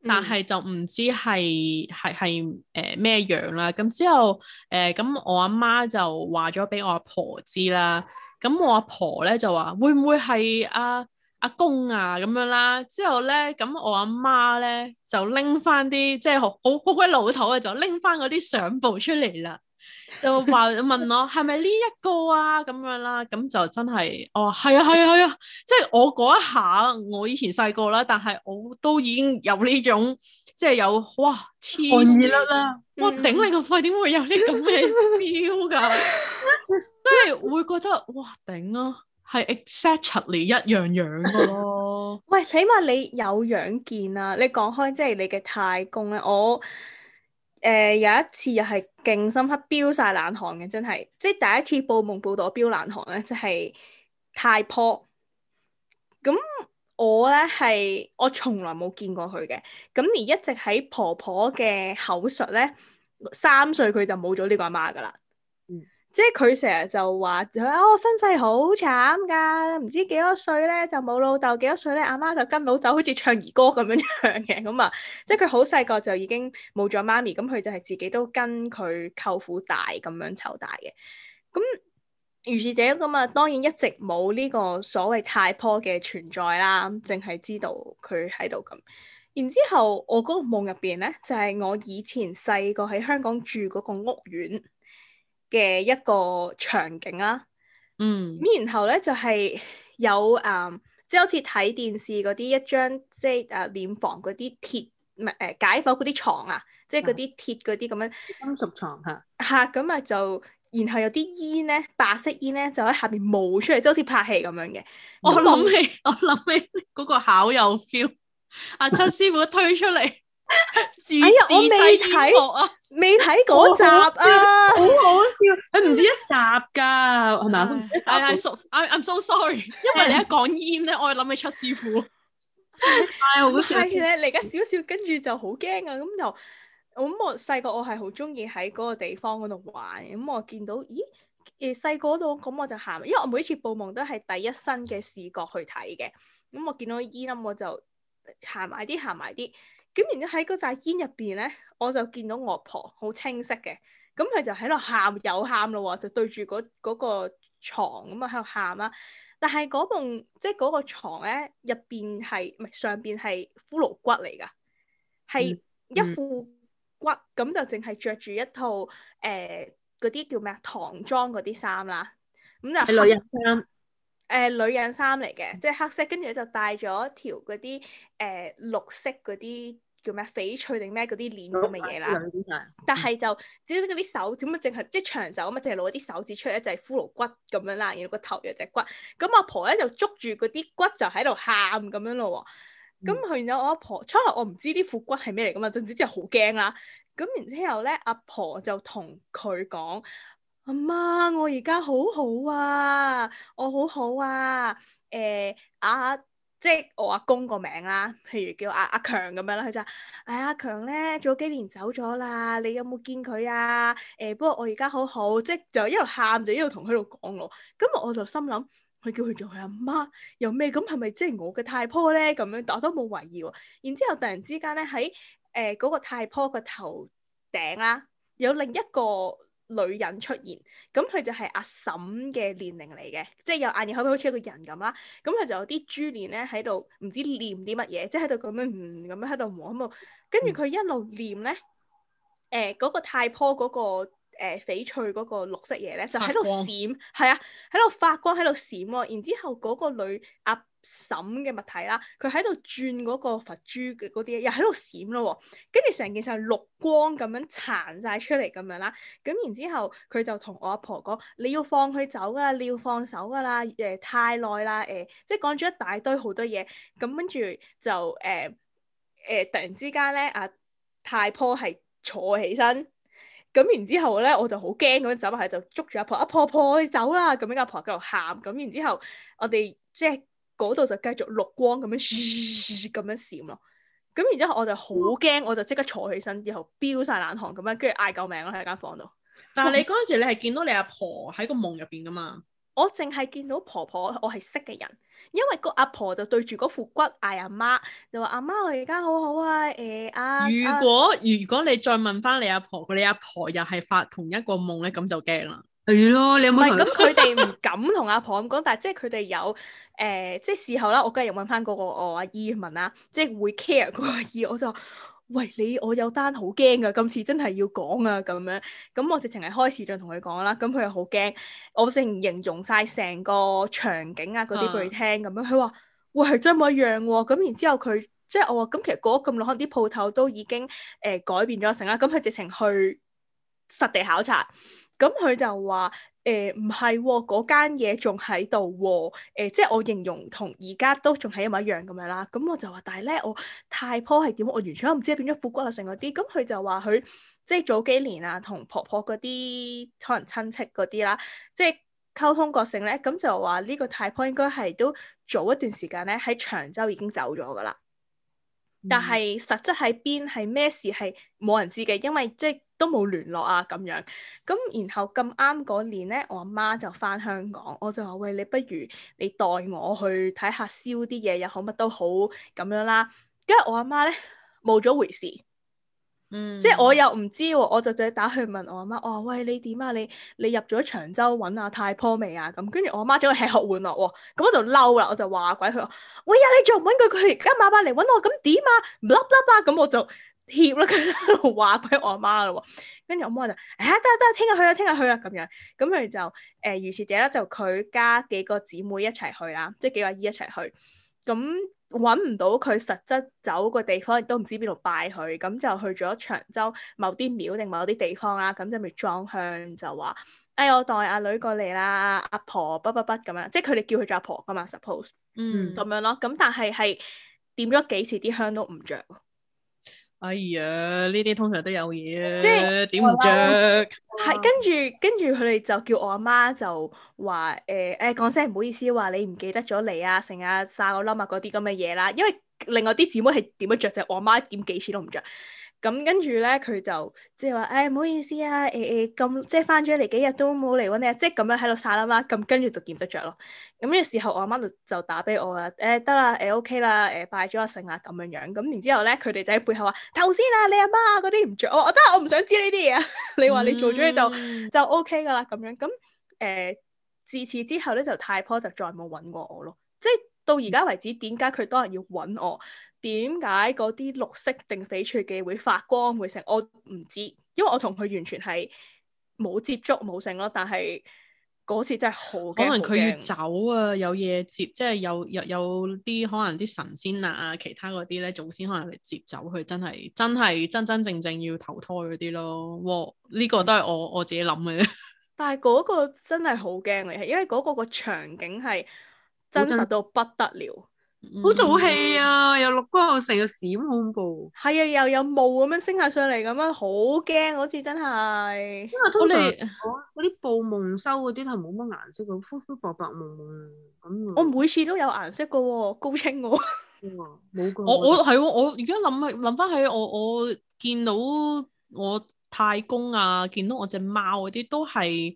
但係就唔知係係係誒咩樣啦。咁之後誒咁、呃、我阿媽就話咗俾我阿婆知啦，咁我阿婆咧就話會唔會係啊？啊阿公啊，咁樣啦，之後咧，咁我阿媽咧就拎翻啲即係好好好鬼老土嘅，就拎翻嗰啲相簿出嚟啦，就話問我係咪呢一個啊咁樣啦，咁就真係，哦，話係啊係啊係啊，即係、啊啊啊啊啊啊啊啊、我嗰一下我以前細個啦，但係我都已經有呢種即係有哇，黐線啦，哇頂你個肺，點會有呢咁嘅標㗎？即係 會覺得哇，頂啊！係 exactly 一樣樣噶咯。 喂，起碼你有樣見啊。你講開即係你嘅太公咧，我誒、呃、有一次又係勁深刻，飆晒冷汗嘅，真係即係第一次報夢報到飆冷汗咧，即係太婆。咁我咧係我從來冇見過佢嘅。咁而一直喺婆婆嘅口述咧，三歲佢就冇咗呢個阿媽噶啦。即係佢成日就話佢哦身世好慘噶，唔知幾多歲咧就冇老豆，幾多歲咧阿媽就跟老走，好似唱兒歌咁樣樣嘅咁啊！即係佢好細個就已經冇咗媽咪，咁佢就係自己都跟佢舅父大咁樣湊大嘅。咁如是者咁啊，當然一直冇呢個所謂太婆嘅存在啦，淨係知道佢喺度咁。然之後我嗰個夢入邊咧，就係我以前細個喺香港住嗰個屋苑嘅一個場景啦，嗯，就是，嗯，咁然後咧就係有誒，即係好似睇電視嗰啲一張，即係誒殮房嗰啲鐵唔係誒解剖嗰啲床啊，即係嗰啲鐵嗰啲咁樣金屬床。吓、啊，嚇、啊，咁啊就然後有啲煙咧，白色煙咧就喺下邊冒出嚟，即係好似拍戲咁樣嘅。嗯、我諗起，我諗起嗰個 feel。阿、啊、七師傅推出嚟。 自哎呀，我未睇啊，未睇嗰集啊，好好笑。佢唔 止一集噶，係咪 I'm so sorry。 因為你一講煙咧，我諗起七師傅。係、 哎、好笑。係咧，嚟緊少少，跟住就好驚啊！咁就，我咁我細個我係好中意喺嗰個地方嗰度玩。咁我見到咦誒細個度，咁、欸、我就行，因為我每次報夢都係第一身嘅視覺去睇嘅。咁我見到煙啦，我就行埋啲，行埋啲。咁然之喺嗰扎煙入邊咧，我就見到外婆好清晰嘅，咁佢就喺度喊，有喊咯喎，就對住嗰嗰個牀咁啊喺度喊啦。但係嗰棟即係嗰個牀咧，入邊係唔係上邊係骷髏骨嚟㗎？係一副骨，咁就淨係着住一套誒嗰啲叫咩啊唐裝嗰啲衫啦。咁就係女人衫，誒女人衫嚟嘅，即係黑色，跟住就戴咗條嗰啲誒綠色嗰啲。叫咩翡翠定咩嗰啲鏈咁嘅嘢啦， 但係就只嗰啲手指，點解淨係一長袖啊？嘛，淨係攞啲手指出嚟，就隻、是、骷髏骨咁樣，骨骨樣 骨啦，然後個頭有一隻骨。咁阿婆咧就捉住嗰啲骨就喺度喊咁樣咯喎。咁去然之後，我阿婆初嚟，我唔知啲副骨係咩嚟噶嘛，總之真係好驚啦。咁然之後咧，阿婆就同佢講：阿媽，我而家好好啊，我好好啊。誒、呃、阿、啊即係我阿公個名啦，譬如叫阿阿強咁樣啦，佢就話，誒，阿強咧早幾年走咗啦，你有冇見佢啊？誒、呃，不過我而家好好，即係就一路喊就一路同佢度講我，咁我就心諗佢叫佢做佢阿媽又咩？咁係咪即係我嘅太婆咧？咁樣，但我都冇懷疑喎。然之後突然之間咧喺誒嗰個太婆個頭頂啦，有另一個。女人出現，咁佢就係阿嬸嘅年齡嚟嘅，即係有眼耳口鼻，好似一個人咁啦。咁佢就有啲珠鏈咧喺度，唔知念啲乜嘢，即係喺度咁樣嘣嘣，咁樣喺度磨喺度。跟住佢一路念咧，誒、呃、嗰、嗰個太婆嗰、嗰個翡、呃、翠嗰個綠色嘢咧，就喺度閃，係光啊，喺度發光喺度閃喎。然之後嗰個女阿，啊審嘅物體啦，佢喺度轉嗰個佛珠嘅嗰啲嘢，又喺度閃咯，跟住成件事就綠光咁樣殘晒出嚟咁樣啦。咁然之後佢就同我阿婆講：你要放佢走噶啦，你要放手噶啦，誒、呃、太耐啦，誒、呃、即係講咗一大堆好多嘢。咁跟住就誒誒、呃呃、突然之間咧，阿、啊、太婆係坐起身。咁然之後咧，我就好驚咁樣走埋去，就捉住阿婆，阿、啊、婆,婆，我哋走啦！咁樣阿婆喺度喊。咁然之後我哋即係。嗰度就繼續綠光咁樣，噉樣閃咯。咁然之後我就好驚，我就即刻坐起身，然後飆晒冷汗咁樣，跟住嗌救命啦喺間房度。但係你嗰陣時，你係見到你阿婆喺個夢入邊噶嘛？我淨係見到婆婆，我係識嘅人，因為個阿婆就對住嗰副骨嗌阿媽，就話阿媽我而家好好啊。誒啊！如果如果你再問翻你阿婆，佢你阿婆又係發同一個夢咧，咁就驚啦。係咯，你唔係咁佢哋唔敢同阿婆咁講， 但係即係佢哋有誒、呃，即係事後啦。我梗係又問翻嗰個我阿姨問啦，即係會 care 嗰、那個阿姨，我就，喂你，我有單好驚㗎，今次真係要講啊咁樣。咁我直情係開始就同佢講啦，咁佢又好驚。我直情形容晒成個場景啊，嗰啲畀佢聽咁樣，佢話喂真冇一樣喎、啊。咁然之後佢即係我話咁，其實過咁耐，啲鋪頭都已經誒、呃、改變咗成啦。咁佢直情去實地考察。咁佢就話：誒唔係喎，嗰間嘢仲喺度喎。誒即係我形容同而家都仲係一模一樣咁樣啦。咁我就話，但係咧，我太婆係點？我完全都唔知變咗枯骨啦，成嗰啲。咁佢就話佢即係早幾年啊，同婆婆嗰啲可能親戚嗰啲啦，即係溝通過性咧。咁就話呢個太婆應該係都早一段時間咧，喺長洲已經走咗噶啦。但係實質喺邊係咩事係冇人知嘅，因為即係都冇聯絡啊咁樣。咁然後咁啱嗰年咧，我阿媽就返香港，我就話喂，你不如你代我去睇下燒啲嘢，又好乜都好咁樣啦。跟住我阿媽咧冇咗回事。嗯、lim 即係我又唔知喎，我就就打去問我阿媽，哦喂，你點啊？你你入咗長洲揾阿太婆未啊？咁跟住我阿媽走去吃喝玩樂喎，咁我、哎、我就嬲啦，我就話鬼佢，喂呀你仲唔揾佢，佢而家馬馬嚟揾我，咁點啊？唔甩甩啊！咁我就貼啦，跟住喺度話鬼我阿媽咯喎，跟住我媽就，啊得啊得啊，聽日去啦，聽日去啦咁樣，咁佢就誒如是者咧就佢家幾個姊妹一齊去啦，即係幾個阿姨一齊去。咁揾唔到佢實質走個地方，亦都唔知邊度拜佢，咁就去咗長洲某啲廟定某啲地方啦。咁就咪裝香就話：哎，我代阿女過嚟啦，阿婆，不不不咁樣，即係佢哋叫佢做阿婆噶嘛。Suppose，嗯，咁、嗯、樣咯。咁但係係點咗幾次啲香都唔着。哎呀，呢啲通常都有嘢啊，即係點唔着？係跟住跟住佢哋就叫我阿媽，媽就話誒誒，講、呃哎、聲唔好意思，話你唔記得咗嚟啊，成日晒我笠啊嗰啲咁嘅嘢啦。因為另外啲姊妹係點樣着就是、我阿媽點幾次都唔着。咁跟住咧，佢就即係話，哎，唔好意思啊，誒、欸、誒、咁、欸、即係翻咗嚟幾日都冇嚟搵你，即係咁樣喺度晒啦嘛。咁跟住就見得着咯。咁呢個時候，我阿媽就就打俾我、欸欸 OK 欸、啊，誒得啦，誒 O K 啦，誒拜咗阿聖啊，咁樣樣。咁然之後咧，佢哋就喺背後話頭先啊，你阿媽嗰啲唔着我，我真我唔想知呢啲嘢啊。 你話你做咗嘢就就 O K 噶啦，咁樣咁誒、呃、自此之後咧，就太婆就再冇搵過我咯。即係到而家為止，點解佢當日要搵我？點解嗰啲綠色定翡翠嘅會發光會成？我唔知，因為我同佢完全係冇接觸冇成咯。但係嗰次真係好可能佢要走啊，有嘢接，即係有有有啲可能啲神仙啊，其他嗰啲咧，祖先可能嚟接走佢，真係真係真真正正要投胎嗰啲咯。呢、呢個都係我、嗯、我自己諗嘅。但係嗰個真係好驚嘅，係 因為嗰、嗰個、嗰個場景係真實到不得了。嗯、好做戲啊！又落光又成個，又閃，好恐怖，係啊，又有霧咁樣升下上嚟咁樣，好驚，好似真係。因為、啊、通常嗰啲報夢收嗰啲係冇乜顏色嘅，灰灰白白蒙蒙咁。我每次都有顏色嘅喎、啊，高清、哦、 我。冇我嘅、 啊。我我係我而家諗諗翻起我我見到我太公啊，見到我隻貓嗰啲都係誒、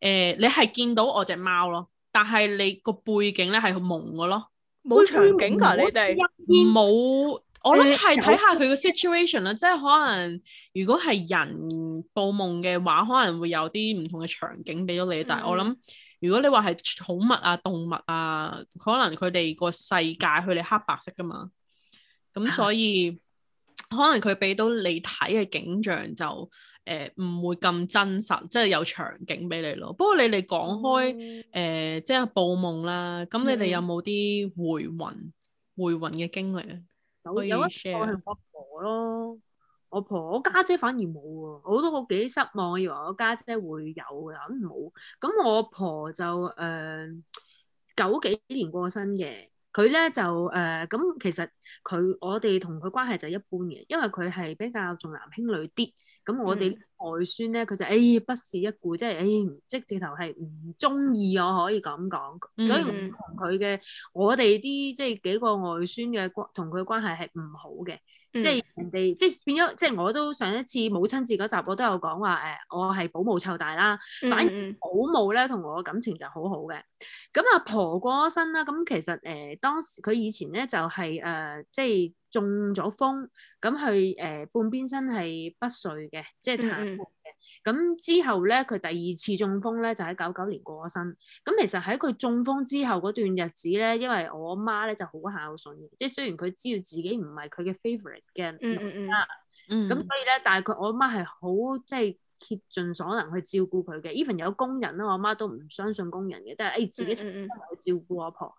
呃，你係見到我隻貓咯，但係你個背景咧係好蒙嘅咯。冇場景㗎，你哋們冇。我諗係睇下佢嘅 situation 啦，嗯、即係可能如果係人報夢嘅話，可能會有啲唔同嘅場景俾咗你。嗯、但係我諗，如果你話係寵物啊、動物啊，可能佢哋個世界佢哋黑白色㗎嘛，咁所以、啊、可能佢俾到你睇嘅景象就～誒唔、呃、會咁真實，即係有場景俾你咯。不過你哋講開誒、嗯呃，即係報夢啦。咁你哋有冇啲回魂、回魂嘅經歷啊？有、嗯、有一個係我婆咯，我婆，我家姐，姐反而冇喎。我都好幾失望，我以為我家姐，姐會有，又可能冇。咁我婆就誒、呃、九幾年過身嘅。佢咧就誒咁、呃，其實佢我哋同佢關係就一般嘅，因為佢係比較重男輕女啲。咁我哋外孫咧，佢就誒、哎、不屑一顧，即係誒、哎、即係直頭係唔中意，我可以咁講，所以我同佢嘅我哋啲即係幾個外孫嘅關同佢關係係唔好嘅。即係人哋，即係變咗，即係我都上一次母親節嗰集我說說、呃，我都有講話誒，我係保姆湊大啦，反而保姆咧同我感情就好好嘅。咁阿婆過咗身啦，咁其實誒、呃、當時佢以前咧就係、係、誒、呃、即係中咗風，咁佢誒半邊身係不遂嘅，即係、嗯嗯咁之後咧，佢第二次中風咧，就喺九九年過咗身。咁其實喺佢中風之後嗰段日子咧，因為我媽咧就好孝順嘅，即係雖然佢知道自己唔係佢嘅 favorite 嘅啊，咁、嗯嗯嗯、所以咧，但係佢我媽係好即係竭盡所能去照顧佢嘅。even 有工人啦，我媽都唔相信工人嘅，都係誒自己親自去照顧我阿婆。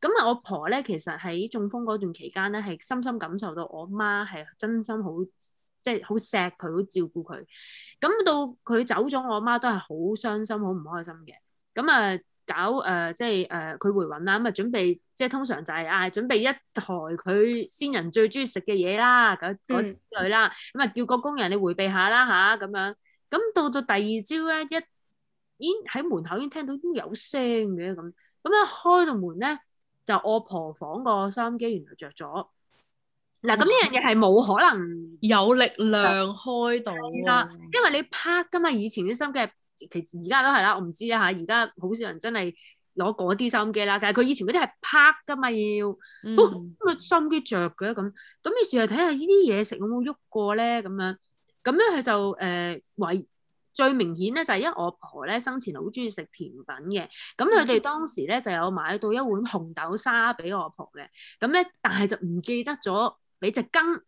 咁啊、嗯嗯，我婆咧其實喺中風嗰段期間咧，係深深感受到我媽係真心好。即係好錫佢，好照顧佢。咁到佢走咗，我阿媽都係好傷心，好唔開心嘅。咁啊搞誒、呃，即係誒佢回魂啦。咁啊準備，即係通常就係啊準備一台佢先人最中意食嘅嘢啦，嗰類啦。咁啊、嗯、叫個工人你回避下啦吓，咁、啊、樣。咁到到第二朝咧，一咦喺門口已經聽到都有聲嘅咁。咁一開到門咧，就我婆房個收音機原來着咗。嗱咁呢樣嘢係冇可能有力量開到㗎，因為你拍㗎嘛，以前啲收音機其實而家都係啦，我唔知啊嚇，而家好少人真係攞嗰啲收音機啦，但係佢以前嗰啲係拍㗎嘛要，咁啊、嗯哦、收音機著嘅咁，咁你試下睇下呢啲嘢食有冇喐過咧咁樣，咁咧佢就誒為、呃、最明顯咧就係因為我婆咧生前好中意食甜品嘅，咁佢哋當時咧就有買到一碗紅豆沙俾我婆嘅，咁咧但係就唔記得咗。俾隻羹，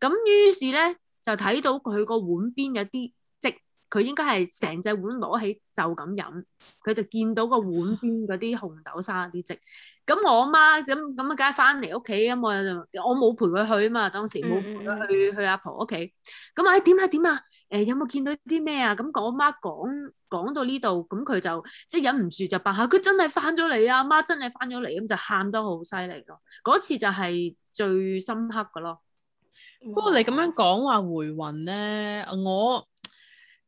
咁於是咧就睇到佢個碗邊有啲漬，佢應該係成隻碗攞起就咁飲，佢就見到個碗邊嗰啲紅豆沙啲漬。咁我阿媽咁咁啊，梗係翻嚟屋企咁，我我冇陪佢去啊嘛，當時冇陪佢去去阿婆屋企。咁、嗯嗯哎、啊，點啊點啊，誒、欸、有冇見到啲咩啊？咁講媽講講到呢度，咁佢就即係、就是、忍唔住就扮下，佢真係翻咗嚟啊！媽真係翻咗嚟，咁就喊得好犀利咯。嗰次就係、是。最深刻噶咯，不過、嗯、你咁樣講話回魂咧，我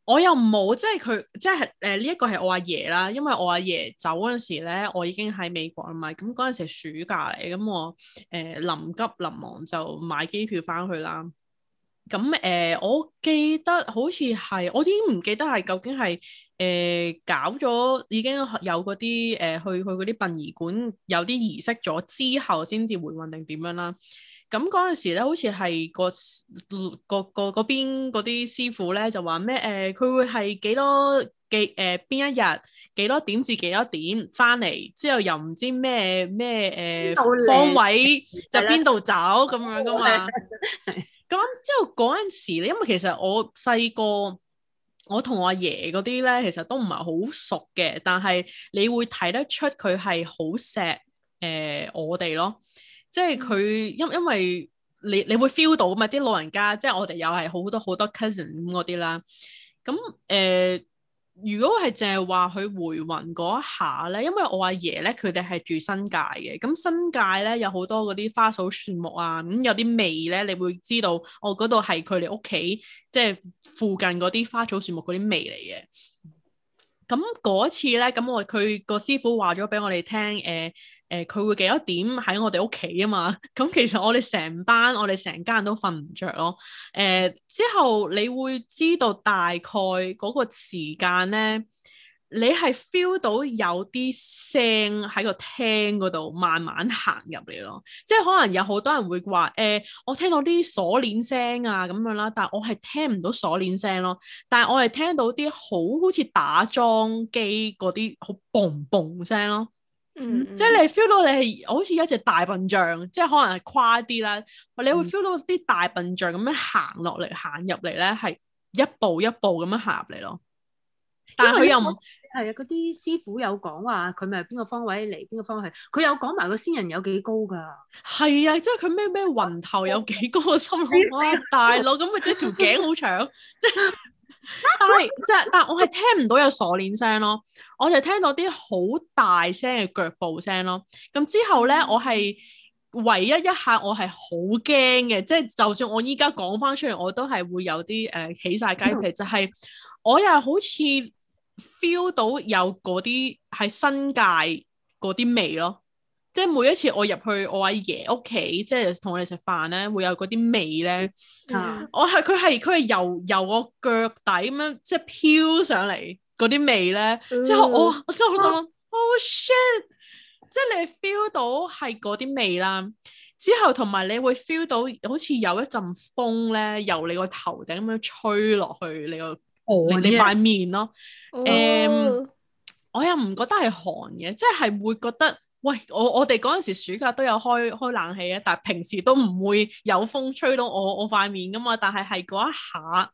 我又冇，即係佢，即係誒，一、呃這個係我阿爺啦，因為我阿爺走嗰陣時咧，我已經喺美國啦嘛，咁嗰陣時係暑假嚟，咁我誒臨、呃、急臨忙就買機票翻去啦。咁誒、嗯呃，我記得好似係，我已經唔記得係究竟係誒、呃、搞咗已經有嗰啲誒去去嗰啲殯儀館有啲儀式咗之後先至回魂定點樣啦。咁嗰陣時咧，好似係個個個嗰邊嗰啲師傅咧就話咩誒，佢、呃、會係幾多幾誒邊、呃、一日幾多點至幾多點翻嚟，之後又唔知咩咩誒方位就邊度走咁樣噶嘛。咁之後嗰陣時咧，因為其實我細個，我同我阿爺嗰啲咧，其實都唔係好熟嘅，但係你會睇得出佢係好錫誒我哋咯，即係佢因因為你你會 feel 到嘛，啲老人家，即係我哋又係好多好多 cousin 嗰啲啦，咁誒。呃如果係淨係話佢回魂嗰一下咧，因為我阿爺咧佢哋係住新界嘅，咁新界咧有好多嗰啲花草樹木啊，咁有啲味咧，你會知道我嗰度係佢哋屋企，即係附近嗰啲花草樹木嗰啲味嚟嘅。咁嗰次咧，咁我佢個師傅話咗俾我哋聽，誒。誒佢、呃、會幾多點喺我哋屋企啊嘛？咁、 嗯、其實我哋成班、我哋成間人都瞓唔着咯。誒、呃、之後你會知道大概嗰個時間咧，你係 feel 到有啲聲喺個廳嗰度慢慢行入嚟咯。即係可能有好多人會話誒、呃，我聽到啲鎖鏈聲啊咁樣啦，但係我係聽唔到鎖鏈聲咯。但係我係聽到啲好好似打樁機嗰啲好嘣嘣聲咯。嗯，嗯，即係你 feel 到你係好似一隻大笨象，即係可能係誇啲啦，你會 feel 到啲大笨象咁樣行落嚟，行入嚟咧，係一步一步咁樣行入嚟咯。但係佢又係啊，嗰啲師傅有講話，佢咪邊個方位嚟，邊個方位。佢有講埋個仙人有幾高噶。係啊，即係佢咩咩雲頭有幾高個心好 大佬咁咪即係條頸好長， 即係。但係即係，但係我係聽唔到有鎖鏈聲咯，我就聽到啲好大聲嘅腳步聲咯。咁之後咧，嗯、我係唯一一刻我係好驚嘅，即係就算我依家講翻出嚟，我都係會有啲誒起晒雞皮，就係我又好似 feel 到有嗰啲喺新界嗰啲味咯。即係每一次我入去我阿爺屋企，即係同我哋食飯咧，會有嗰啲味咧。我係佢係佢係由由我腳底咁樣即係飄上嚟嗰啲味咧。之後我我之後我就諗，oh shit！即係你 feel 到係嗰啲味啦。之後同埋你會 feel 到好似有一陣風咧由你個頭頂咁樣吹落去你個 Yeah. 你塊面咯。誒，oh. um, 我又唔覺得係寒嘅，即係會覺得。喂，我我哋嗰陣時暑假都有開開冷氣啊，但係平時都唔會有風吹到我我塊面噶嘛。但係係嗰一下，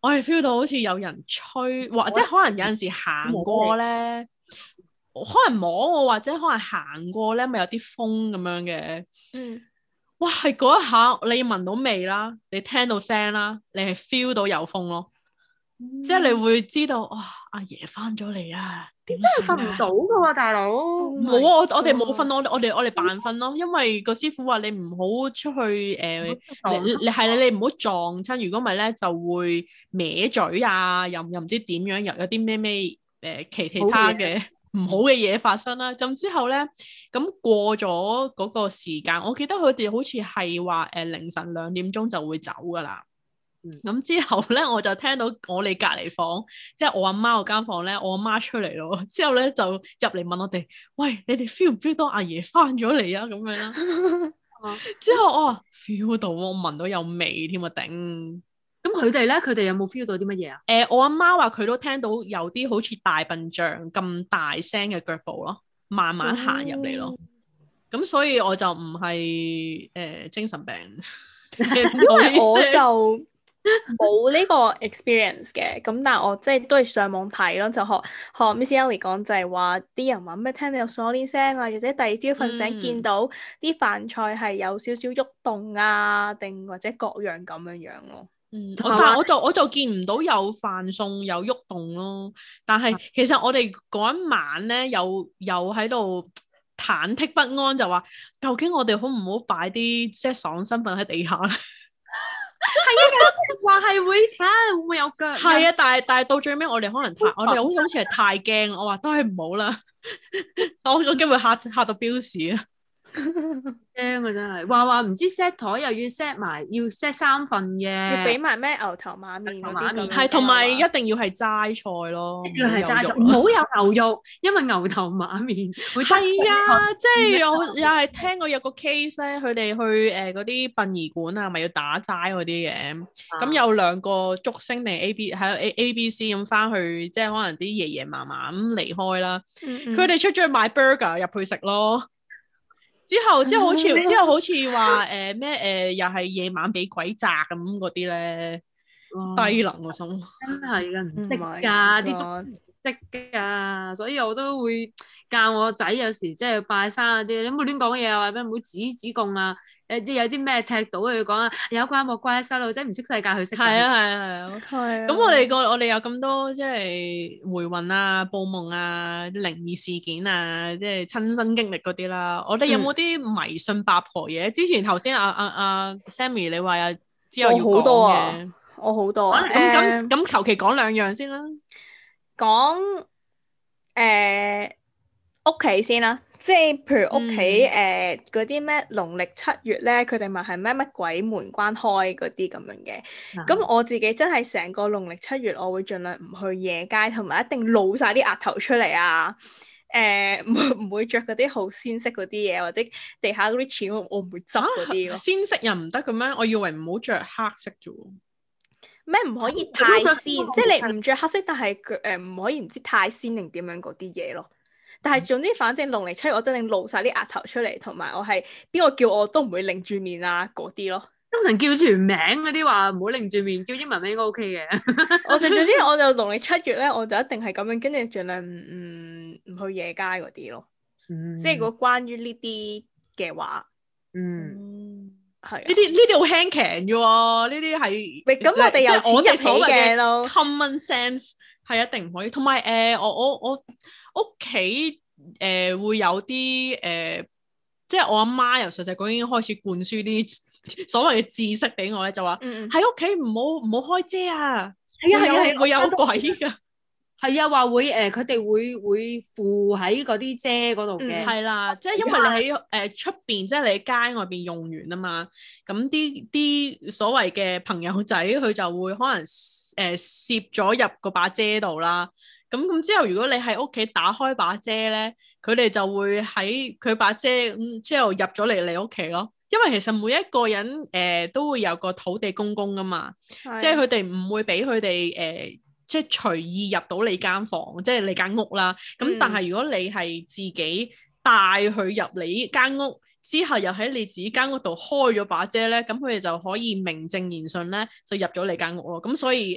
我係 feel 到好似有人吹，或者可能有陣時行過咧，可能摸我或者可能行過咧，咪有啲風咁樣嘅。嗯，哇，係嗰一下，你聞到味啦，你聽到聲啦，你係 feel 到有風咯，嗯、即係你會知道哇，阿爺翻咗嚟啊！爺爺真係瞓唔到噶喎，大佬！冇啊，我我哋冇瞓，我我哋我哋扮瞓咯，因為個師傅話你唔好出去誒，你你係你你唔好撞親，如果唔係咧就會歪嘴啊，又又唔知點樣，又有啲咩咩誒其其他嘅唔好嘅嘢發生啦。咁之後咧，咁過咗嗰個時間，我記得佢哋好似係話誒凌晨兩點鐘就會走噶啦。咁、嗯嗯、之後咧，我就聽到我哋隔籬房，即、就、係、是、我阿媽嗰間房咧，我阿媽出嚟咯。之後咧就入嚟問我哋：喂，你哋 feel 唔 feel 到阿爺翻咗嚟啊？咁樣啦。 吧之後我 feel 到，我聞到有味添啊！頂。咁佢哋咧，佢哋有冇 feel 到啲乜嘢啊？誒、嗯，我阿媽話佢都聽到有啲好似大笨象咁大聲嘅腳步咯，慢慢行入嚟咯。咁、哦、所以我就唔係誒精神病， 因為我就。冇呢 個 experience 嘅，咁但係我即係都係上網睇咯，就學學 Miss Ellie 講就係話啲人話咩聽到有鎖鏈聲啊，或者第二朝瞓醒、嗯、見到啲飯菜係有少少喐動啊，定或者各樣咁樣樣、啊、咯。嗯，吧但係我就我就見唔到有飯餸有喐動咯。但係其實我哋嗰一晚咧，又又喺度忐忑不安就，就話究竟我哋好唔好擺啲即係爽身粉喺地下？ 係 啊，話係會睇下會唔會有腳？係啊、 嗯，但係但係到最尾我哋可能太 我哋好似好似係太驚 我話都係唔好啦，我我驚會嚇嚇到標屎。啊！ 驚 啊真係，話話唔知 set 台又要 set 埋，要 set 三份嘅，要俾埋咩牛頭馬面？馬面係同埋一定要係齋菜咯，一定要係齋菜，唔好有牛肉， 因為牛頭馬面。係 啊，即係又又係聽過有個 case 咧，佢哋去誒嗰啲殯儀館啊，咪、呃、要打齋嗰啲嘅。咁、啊、有兩個竹升嚟 A B 喺 A A B C 咁翻去，即係可能啲爺爺嫲嫲咁離開啦。佢哋、嗯、出咗去買 burger 入去食咯。 之後，之後好似，嗯、之後好似話誒咩誒，又係夜晚俾鬼炸咁嗰啲咧，哇低能嗰種。真係噶，識噶啲祖先識噶，所以我都會教我仔有時即係、就是、拜山嗰啲，你唔好亂講嘢啊，話咩唔好指指供啊。誒即係有啲咩踢到佢講啊？有怪莫怪，細路仔唔識世界，佢識。係啊係啊係啊。係、啊。咁、啊、我哋個我哋有咁多即係、就是、回魂啊、報夢啊、靈異事件啊，即、就、係、是、親身經歷嗰啲啦。我哋有冇啲迷信八婆嘢？嗯、之前頭先阿阿阿 Sammy 你話啊，之後好多啊！我好多、啊。咁咁咁，求其講兩樣先啦、欸。講誒。欸屋企先啦，即係譬如屋企誒嗰啲咩農曆七月咧，佢哋咪係咩乜鬼門關開嗰啲咁樣嘅。咁、嗯、我自己真係成個農曆七月，我會盡量唔去夜街，同埋一定露晒啲額頭出嚟啊！誒、呃，唔唔會着嗰啲好鮮色嗰啲嘢，或者地下嗰啲錢我唔會執嗰啲。鮮色又唔得嘅咩？我以為唔好着黑色啫喎。咩唔可以太鮮？即係 你唔着黑色，但係誒唔可以唔知太鮮定點樣嗰啲嘢咯？但係，總之反正農曆七月我真正露晒啲額頭出嚟，同埋我係邊個叫我都唔會擰住面啊嗰啲咯。通常叫全名嗰啲話唔會擰住面，叫英文名應該 OK 嘅。我就總之我就農曆七月咧，我就一定係咁樣，跟住盡量唔唔去夜街嗰啲咯。嗯，即係如果關於呢啲嘅話，嗯係呢啲呢啲好輕騎嘅喎，呢啲係喂，咁我哋有錢我哋所謂嘅 common sense。係一定唔可以，同埋誒我我我屋企誒會有啲誒、呃，即係我阿媽由細細個已經開始灌輸啲所謂嘅知識俾我咧，就話喺屋企唔好唔好開遮啊，係啊係啊會有鬼噶，係啊話會誒佢哋會會附喺嗰啲遮嗰度嘅，係啦、嗯，即係因為你喺誒出邊即係你喺街外邊用完啊嘛，咁啲啲所謂嘅朋友仔佢就會可能。誒攝咗入嗰把遮度啦，咁咁之後，如果你喺屋企打開把遮咧，佢哋就會喺佢把遮、嗯、之後入咗嚟你屋企咯。因為其實每一個人誒、呃、都會有個土地公公噶嘛，的即係佢哋唔會俾佢哋誒即係隨意入到你間房，即係你間屋啦。咁但係如果你係自己帶佢入你間屋。嗯嗯之後又喺你自己間嗰度開咗把遮咧，咁佢哋就可以名正言順咧就入咗你間屋咯。咁所以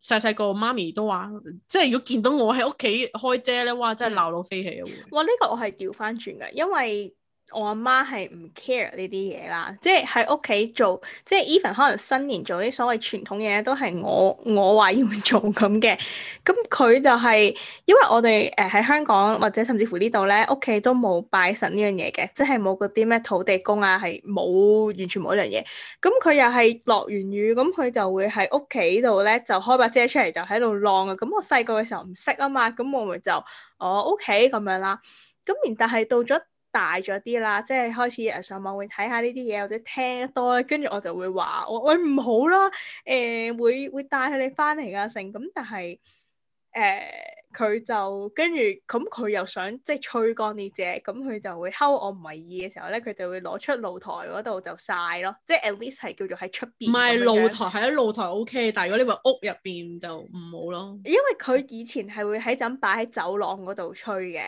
誒細細個媽咪都話，即係如果見到我喺屋企開遮咧，哇！真係鬧到飛起哇！呢個我係調翻轉㗎，因為。我阿媽係唔 care 呢啲嘢啦，即係喺屋企做，即係 even 可能新年做啲所謂傳統嘢都係我我話要做咁嘅，咁佢就係、是、因為我哋誒喺香港或者甚至乎呢度咧，屋企都冇拜神呢樣嘢嘅，即係冇嗰啲咩土地公啊，係冇完全冇一樣嘢。咁佢又係落完雨，咁佢就會喺屋企度咧就開把遮出嚟就喺度晾啊。咁我細個嘅時候唔識啊嘛，咁我咪就我屋企咁樣啦。咁然但係到咗。大咗啲啦，即係開始有上網會睇下呢啲嘢，或者聽得多咧，跟住我就會話：我喂唔好啦，誒、呃、會會帶佢哋翻嚟噶成咁。但係誒佢就跟住咁，佢又想即係吹乾呢隻，咁佢就會溝我唔為意嘅時候咧，佢就會攞出露台嗰度就曬咯，即係 at least 係叫做喺出邊。唔係是樣露台係啊，露台 OK，但係如果你話屋入邊就唔好咯。因為佢以前係會喺陣擺喺走廊嗰度吹嘅。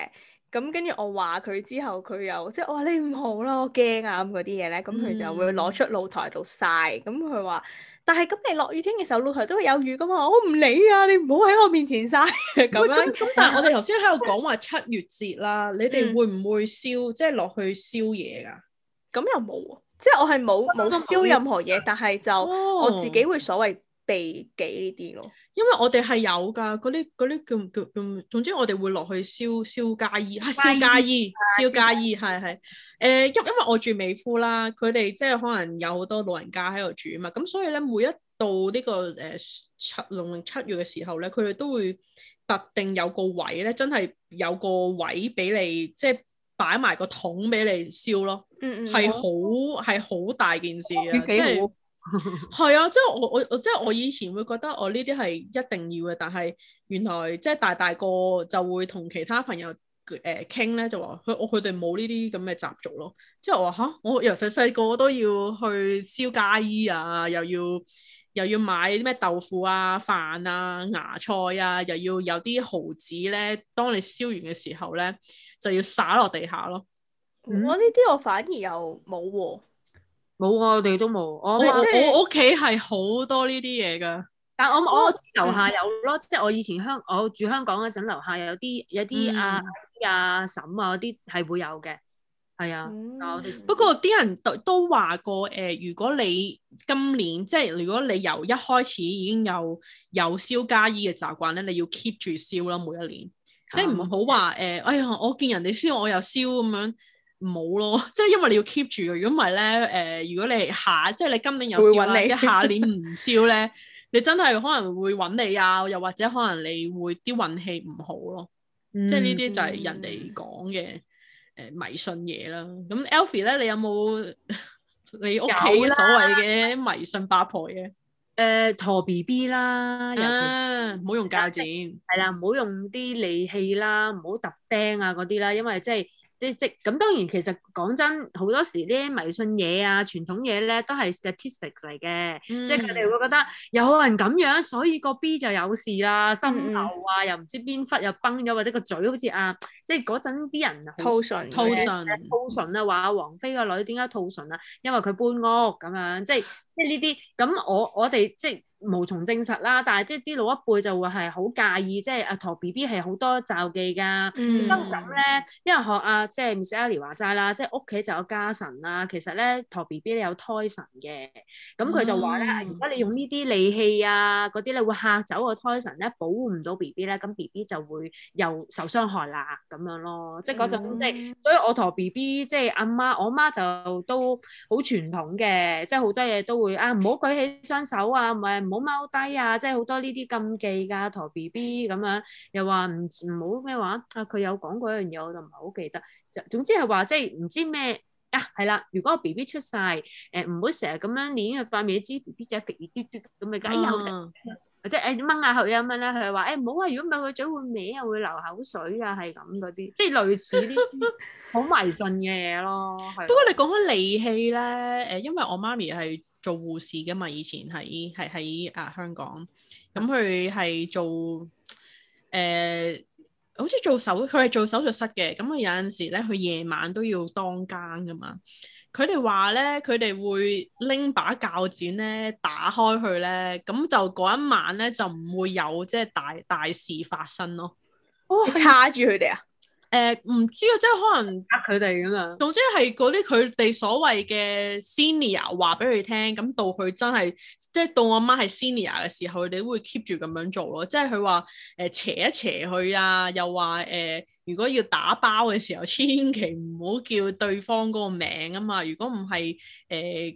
咁跟住我話佢之後，佢又即係我話你唔好咯，我驚啊，咁嗰啲嘢咧，咁佢就會攞出露台度晒。咁佢話，但係咁你落雨天嘅時候，露台都會有雨噶嘛，我唔理啊，你唔好喺我面前晒。咁樣。咁但係我哋頭先喺度講話七月節啦，你哋會唔會燒即係落去燒嘢噶？咁又冇啊，即係我係冇冇燒任何嘢，但係就我自己會所謂避忌呢啲咯，因為我哋係有噶嗰啲啲叫叫叫，總之我哋會落去燒燒加衣，係燒加衣，燒加衣，係係誒，因因為我住美孚啦，佢哋即係可能有好多老人家喺度住啊嘛，咁所以咧每一度呢、呢個誒七農曆七月嘅時候咧，佢哋都會特定有個位咧，真係有個位俾你即係擺埋個桶俾你燒咯，嗯係、嗯、很好係好大件事啊，即係係啊，即係我我我即係我以前會覺得我呢啲係一定要嘅，但係原來即係大大個就會同其他朋友誒傾咧，就話佢我佢哋冇呢啲咁嘅習俗咯。即係我話吓，我由細細個都要去燒街衣啊，又要又要買咩豆腐啊、飯啊、芽菜啊，又要有啲毫子咧。當你燒完嘅時候咧，就要灑落地下咯。我呢啲我反而又冇喎。冇啊！我哋都冇。我即係我屋企係好多呢啲嘢噶。但係我我樓下有咯，嗯、即係我以前香我住香港嗰陣樓下又有啲有啲阿阿嬸啊嗰啲係會有嘅。係啊，嗯、不過啲人都都話過誒、呃，如果你今年即係如果你由一開始已經有有燒加衣嘅習慣咧，你要 keep 住燒咯，每一年即係唔好話誒，哎呀，我見人哋燒我又燒咁樣。冇咯，即係因為你要 keep 住。如果唔係咧，誒、呃，如果你下即係你今年有燒找你， 即係下年唔燒咧，你真係可能會揾你啊，又或者可能你會啲運氣唔好咯。嗯、即係呢啲就係人哋講嘅誒迷信嘢啦。咁 Alfie 咧，你有冇你屋企嘅所謂嘅迷信八婆嘅？誒，陀 B B 啦，啊，唔好用鉸剪，係啦、就是，唔好用啲利器啦，唔好揼釘啊嗰啲啦，因為即、就、係、是。即即咁當然，其實講真，好多時啲迷信嘢啊、傳統嘢咧，都係 statistics 嚟嘅，嗯、即係佢哋會覺得有人咁樣，所以個 B 就有事啦，心牛啊、嗯、又唔知邊忽又崩咗，或者個嘴好似啊，即係嗰陣啲人兔唇、兔唇、兔唇啊，話王菲個女點解兔唇啊？因為佢搬屋咁樣，即係。即係呢啲咁，我我哋即係無從證實啦。但係即係啲老一輩就會係好介意，即係阿陀 B B 係好多罩忌㗎。點解咁咧？因為學阿即係 Miss 阿嬌話齋啦，即係屋企就有家神啦。其實咧，陀 B B 你有胎神嘅，咁佢就話咧，如果、嗯、你用呢啲利器啊嗰啲咧，會嚇走個胎神咧，保護唔到 B B 咧，咁 B B 就會又受傷害啦咁樣咯。即係講就咁，所以我陀 B B 即係阿媽，我媽就都好傳統嘅，即係好多嘢都會。啊！唔好舉起雙手啊，唔係唔好踎低啊，即係好多呢啲禁忌噶，陀 B B 咁樣，又話唔唔好咩話啊？佢有講過一樣嘢，我就唔係好記得。就總之係話即係唔知咩啊，係啦。如果個 B B 出世，誒唔好成日咁樣捏佢塊面，知 B B 仔肥嘟嘟咁嘅架。或者誒掹下佢咁樣咧，佢話誒唔好啊。如果唔係，佢嘴會歪啊，會流口水啊，係咁嗰啲，即係類似呢啲好迷信嘅嘢咯。不過你講開離氣咧，誒，因為我媽咪係做護士嘅嘛，以前喺喺喺啊香港，咁佢係做誒、呃，好似做手，佢係做手術室嘅，咁佢有陣時咧，佢夜晚都要當更嘅嘛。佢哋話咧，佢哋會拎把鉸剪咧，打開佢咧，咁就嗰一晚咧就唔會有即係、就是、大大事發生咯。哦，叉住佢哋啊！ 誒唔、呃、知啊，即係可能呃佢哋咁樣啊，總之係嗰啲佢哋所謂嘅 senior 話俾佢聽。咁到佢真係，即係到我媽係 senior 嘅時候，佢哋會 keep 住咁樣做咯。即係佢話誒斜一斜佢啊，又話誒、呃、如果要打包嘅時候，千祈唔好叫對方嗰個名啊嘛。如果唔係誒。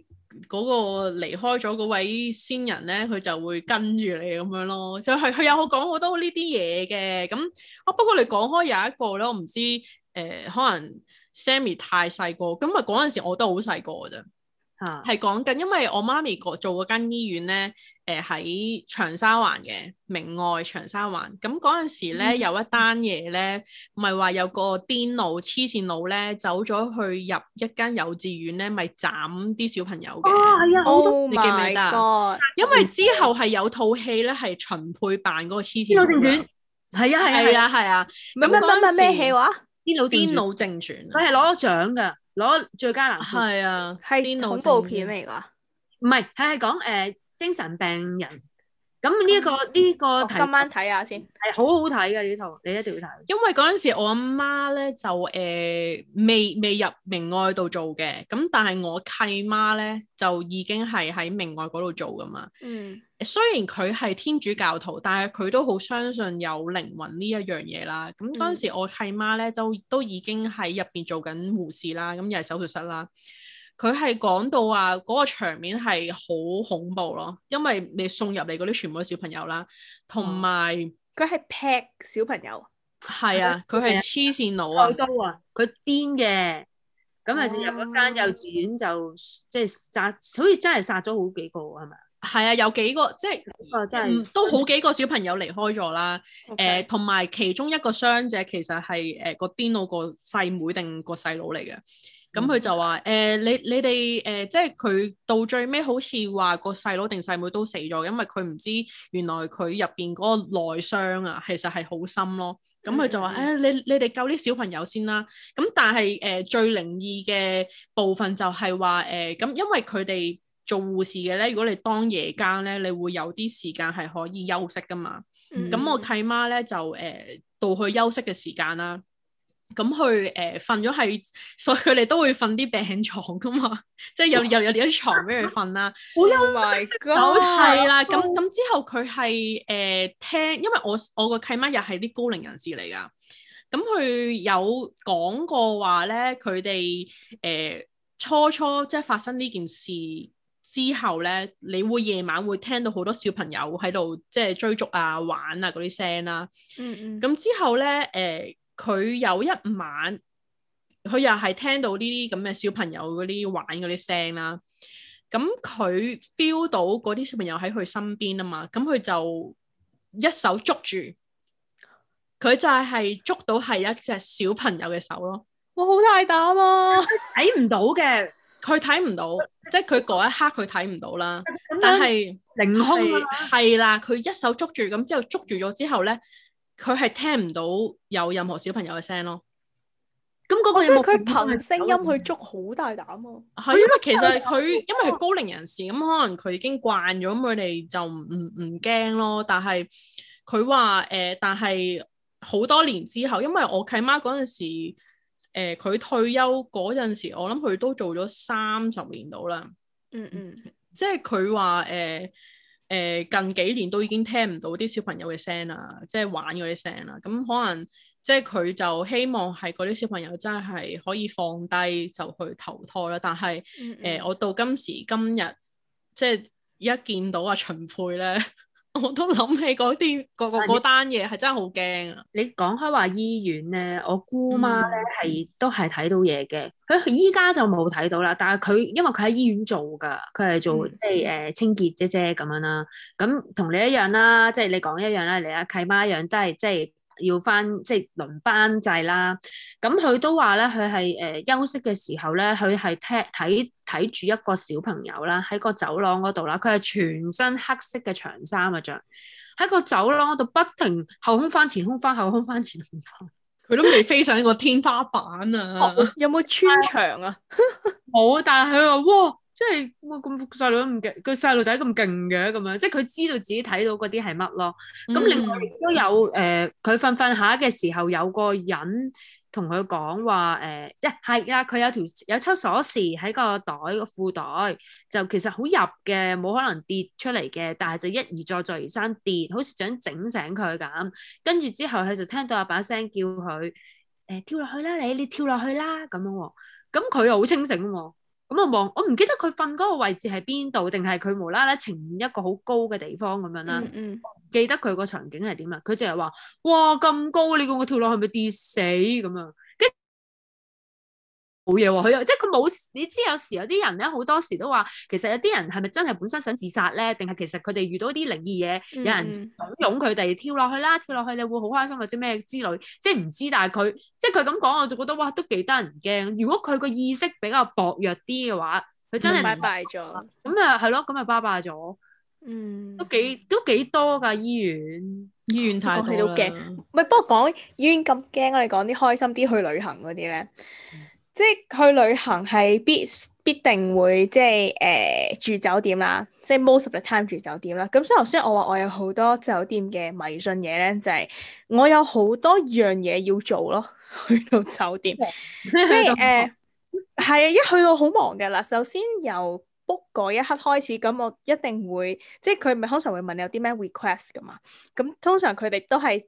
呃嗰個離開咗嗰位先人咧，佢就會跟住你咁樣咯。就係、是、佢有好講好多呢啲嘢嘅，咁啊不過你講開有一個咧，我唔知誒、呃，可能 Sammy 太細個，咁啊嗰陣時我都好細個㗎啫。係講緊，因為我媽咪做嗰間醫院咧，誒喺長沙灣嘅明愛長沙灣。咁嗰陣時咧，有一單嘢咧，唔係話有個癲佬、痴線佬咧，走咗去入一間幼稚園咧，咪斬啲小朋友嘅。係啊！Oh my God！因為之後係有套戲咧，係秦沛扮嗰個痴線佬。癲佬正傳係啊係啊係啊係啊！咁咁咁係咩戲話？癲佬癲佬正傳，佢係攞咗獎噶。攞最佳男配啊，係恐怖片嚟噶，唔係，係係講誒精神病人。咁呢、呢個呢、嗯、個今晚睇下先，係、嗯、好好睇嘅呢套，你一定要睇。因為嗰陣時我阿媽咧就誒、呃、未未入明愛度做嘅，咁但係我契媽咧就已經係喺明愛嗰度做噶嘛。嗯。雖然佢係天主教徒，但係佢都好相信有靈魂呢一樣嘢啦。咁嗰陣時我契媽咧都都已經喺入邊做緊護士啦，咁又係手術室啦。佢係講到話嗰個場面係好恐怖咯，因為你送入嚟嗰啲全部都小朋友啦，同埋佢係劈小朋友，係啊，佢係黐線佬啊，好多啊，佢癲嘅，咁係、哦、入一間幼稚園就即係、就是、殺，好似真係殺咗好幾個係咪啊？係啊，有幾個即係、就是啊嗯、都好幾個小朋友離開咗啦，誒、嗯，同埋 okay.、呃、其中一個傷者其實係誒、呃、個癲佬個細妹定個細佬嚟嘅。咁佢、嗯、就話：誒、呃、你你哋誒、呃、即係佢到最尾好似話個細佬定細妹都死咗，因為佢唔知原來佢入邊嗰個內傷啊，其實係好深咯。咁佢就話：誒、嗯哎、你你哋救啲小朋友先啦。咁但係誒、呃、最靈異嘅部分就係話誒咁，因為佢哋做護士嘅咧，如果你當夜間咧，你會有啲時間係可以休息噶嘛。咁、嗯、我契媽咧就誒、呃、到佢休息嘅時間啦。咁佢誒瞓咗係，所以佢哋都會瞓啲病床噶嘛，即係有又有啲床俾佢瞓啦。 好有 my god！係啦，咁咁之後佢係誒聽，因為我我個契媽又係啲高齡人士嚟噶，咁佢有講過話咧，佢哋誒初初即係發生呢件事之後咧，你會夜晚會聽到好多小朋友喺度即係追逐啊玩啊嗰啲聲啦。聲啊、嗯嗯。咁之後咧誒。嗯佢有一晚，佢又係聽到呢啲咁嘅小朋友嗰啲玩嗰啲聲啦。咁佢 feel 到嗰啲小朋友喺佢身邊啊嘛。咁佢就一手捉住，佢就係捉到係一隻小朋友嘅手咯。哇，好大膽啊！睇唔到嘅，佢睇唔到， 即係佢嗰一刻佢睇唔到啦。 但係凌空啦，係啦四，佢一手捉住，咁之後捉住咗之後咧。佢係聽唔到有任何小朋友嘅聲咯，咁嗰個即係佢憑聲音去捉，好大膽啊！係因為其實佢因為係高齡人士，咁可能佢已經慣咗，咁佢哋就唔唔唔驚咯。但係佢話誒，但係好多年之後，因為我契媽嗰陣時誒，佢、呃、退休嗰陣時，我諗佢都做咗三十年到啦。嗯嗯，即係佢話誒。呃誒近幾年都已經聽唔到啲小朋友嘅聲啦，即係玩嗰啲聲啦。咁可能即係佢就希望係嗰啲小朋友真係可以放低就去投胎啦。但係誒、嗯嗯呃，我到今時今日，即係一見到阿、啊、秦沛咧。 我都諗起嗰啲，那個個嗰單嘢，係真係好驚啊！你講開話醫院咧，我姑媽咧係都係睇到嘢嘅，佢依家就冇睇到啦。但係佢因為佢喺醫院做噶佢係做即係誒清潔姐姐咁樣啦。咁同你一樣啦，即係你講一樣啦，你阿契媽一樣都係即係。要翻即係輪班制啦，咁佢都話咧，佢係誒休息嘅時候咧，佢係踢睇睇住一個小朋友啦，喺個走廊嗰度啦，佢係全身黑色嘅長衫嘅、啊、着，喺個走廊度不停後空翻、前空翻、後空翻、前空翻，佢都未飛上一個天花板啊！ 哦、有冇穿牆啊？冇， 但係佢話哇，即係。咁細路咁勁，個細路仔咁勁嘅咁樣，即係佢知道自己睇到嗰啲係乜咯。咁、嗯、另外亦都有誒，佢瞓瞓下嘅時候有個人同佢講話誒，即係係啊，佢有條有抽鎖匙喺個袋、個褲袋，就其實好入嘅，冇可能跌出嚟嘅，但係就一而再再而三跌，好似想整醒佢咁。跟住之後佢就聽到阿把聲叫佢誒、欸、跳落去啦，你你跳落去啦咁樣喎、哦。咁佢又好清醒喎、哦。咁我望，我唔記得佢瞓嗰個位置喺邊度，定係佢無啦啦呈現一個好高嘅地方咁樣啦。唔、嗯嗯、記得佢個場景係點呀。佢淨係話：哇，咁高，你叫我跳落去咪跌死咁啊！冇嘢喎，佢又即係佢冇，你知有時有啲人咧，好多時都話，其實有啲人係咪真係本身想自殺咧？定係其實佢哋遇到啲靈異嘢，嗯、有人慫恿佢哋跳落去啦，跳落去你會好開心或者咩之類，即係唔知。但係佢即係佢咁講，我就覺得哇，都幾得人驚。如果佢個意識比較薄弱啲嘅話，佢真係拜拜咗。咁啊係咯，咁啊拜拜咗。嗯，都幾都幾多噶醫院，醫院太多啦。都驚、嗯。唔、嗯、係、嗯，不過講醫院咁驚，我哋講啲開心啲去旅行嗰啲咧。即係去旅行係必必定會即係誒、呃、住酒店啦，即係 most of the time h e t 住酒店啦。咁所以頭先我話我有好多酒店嘅迷信嘢咧，就係、是、我有好多樣嘢要做咯，去到酒店 即係誒係啊，一去到好忙嘅啦。首先由 book 嗰一刻開始，咁我一定會即係佢咪通常會問你有啲咩 request 噶嘛？咁通常佢哋都係。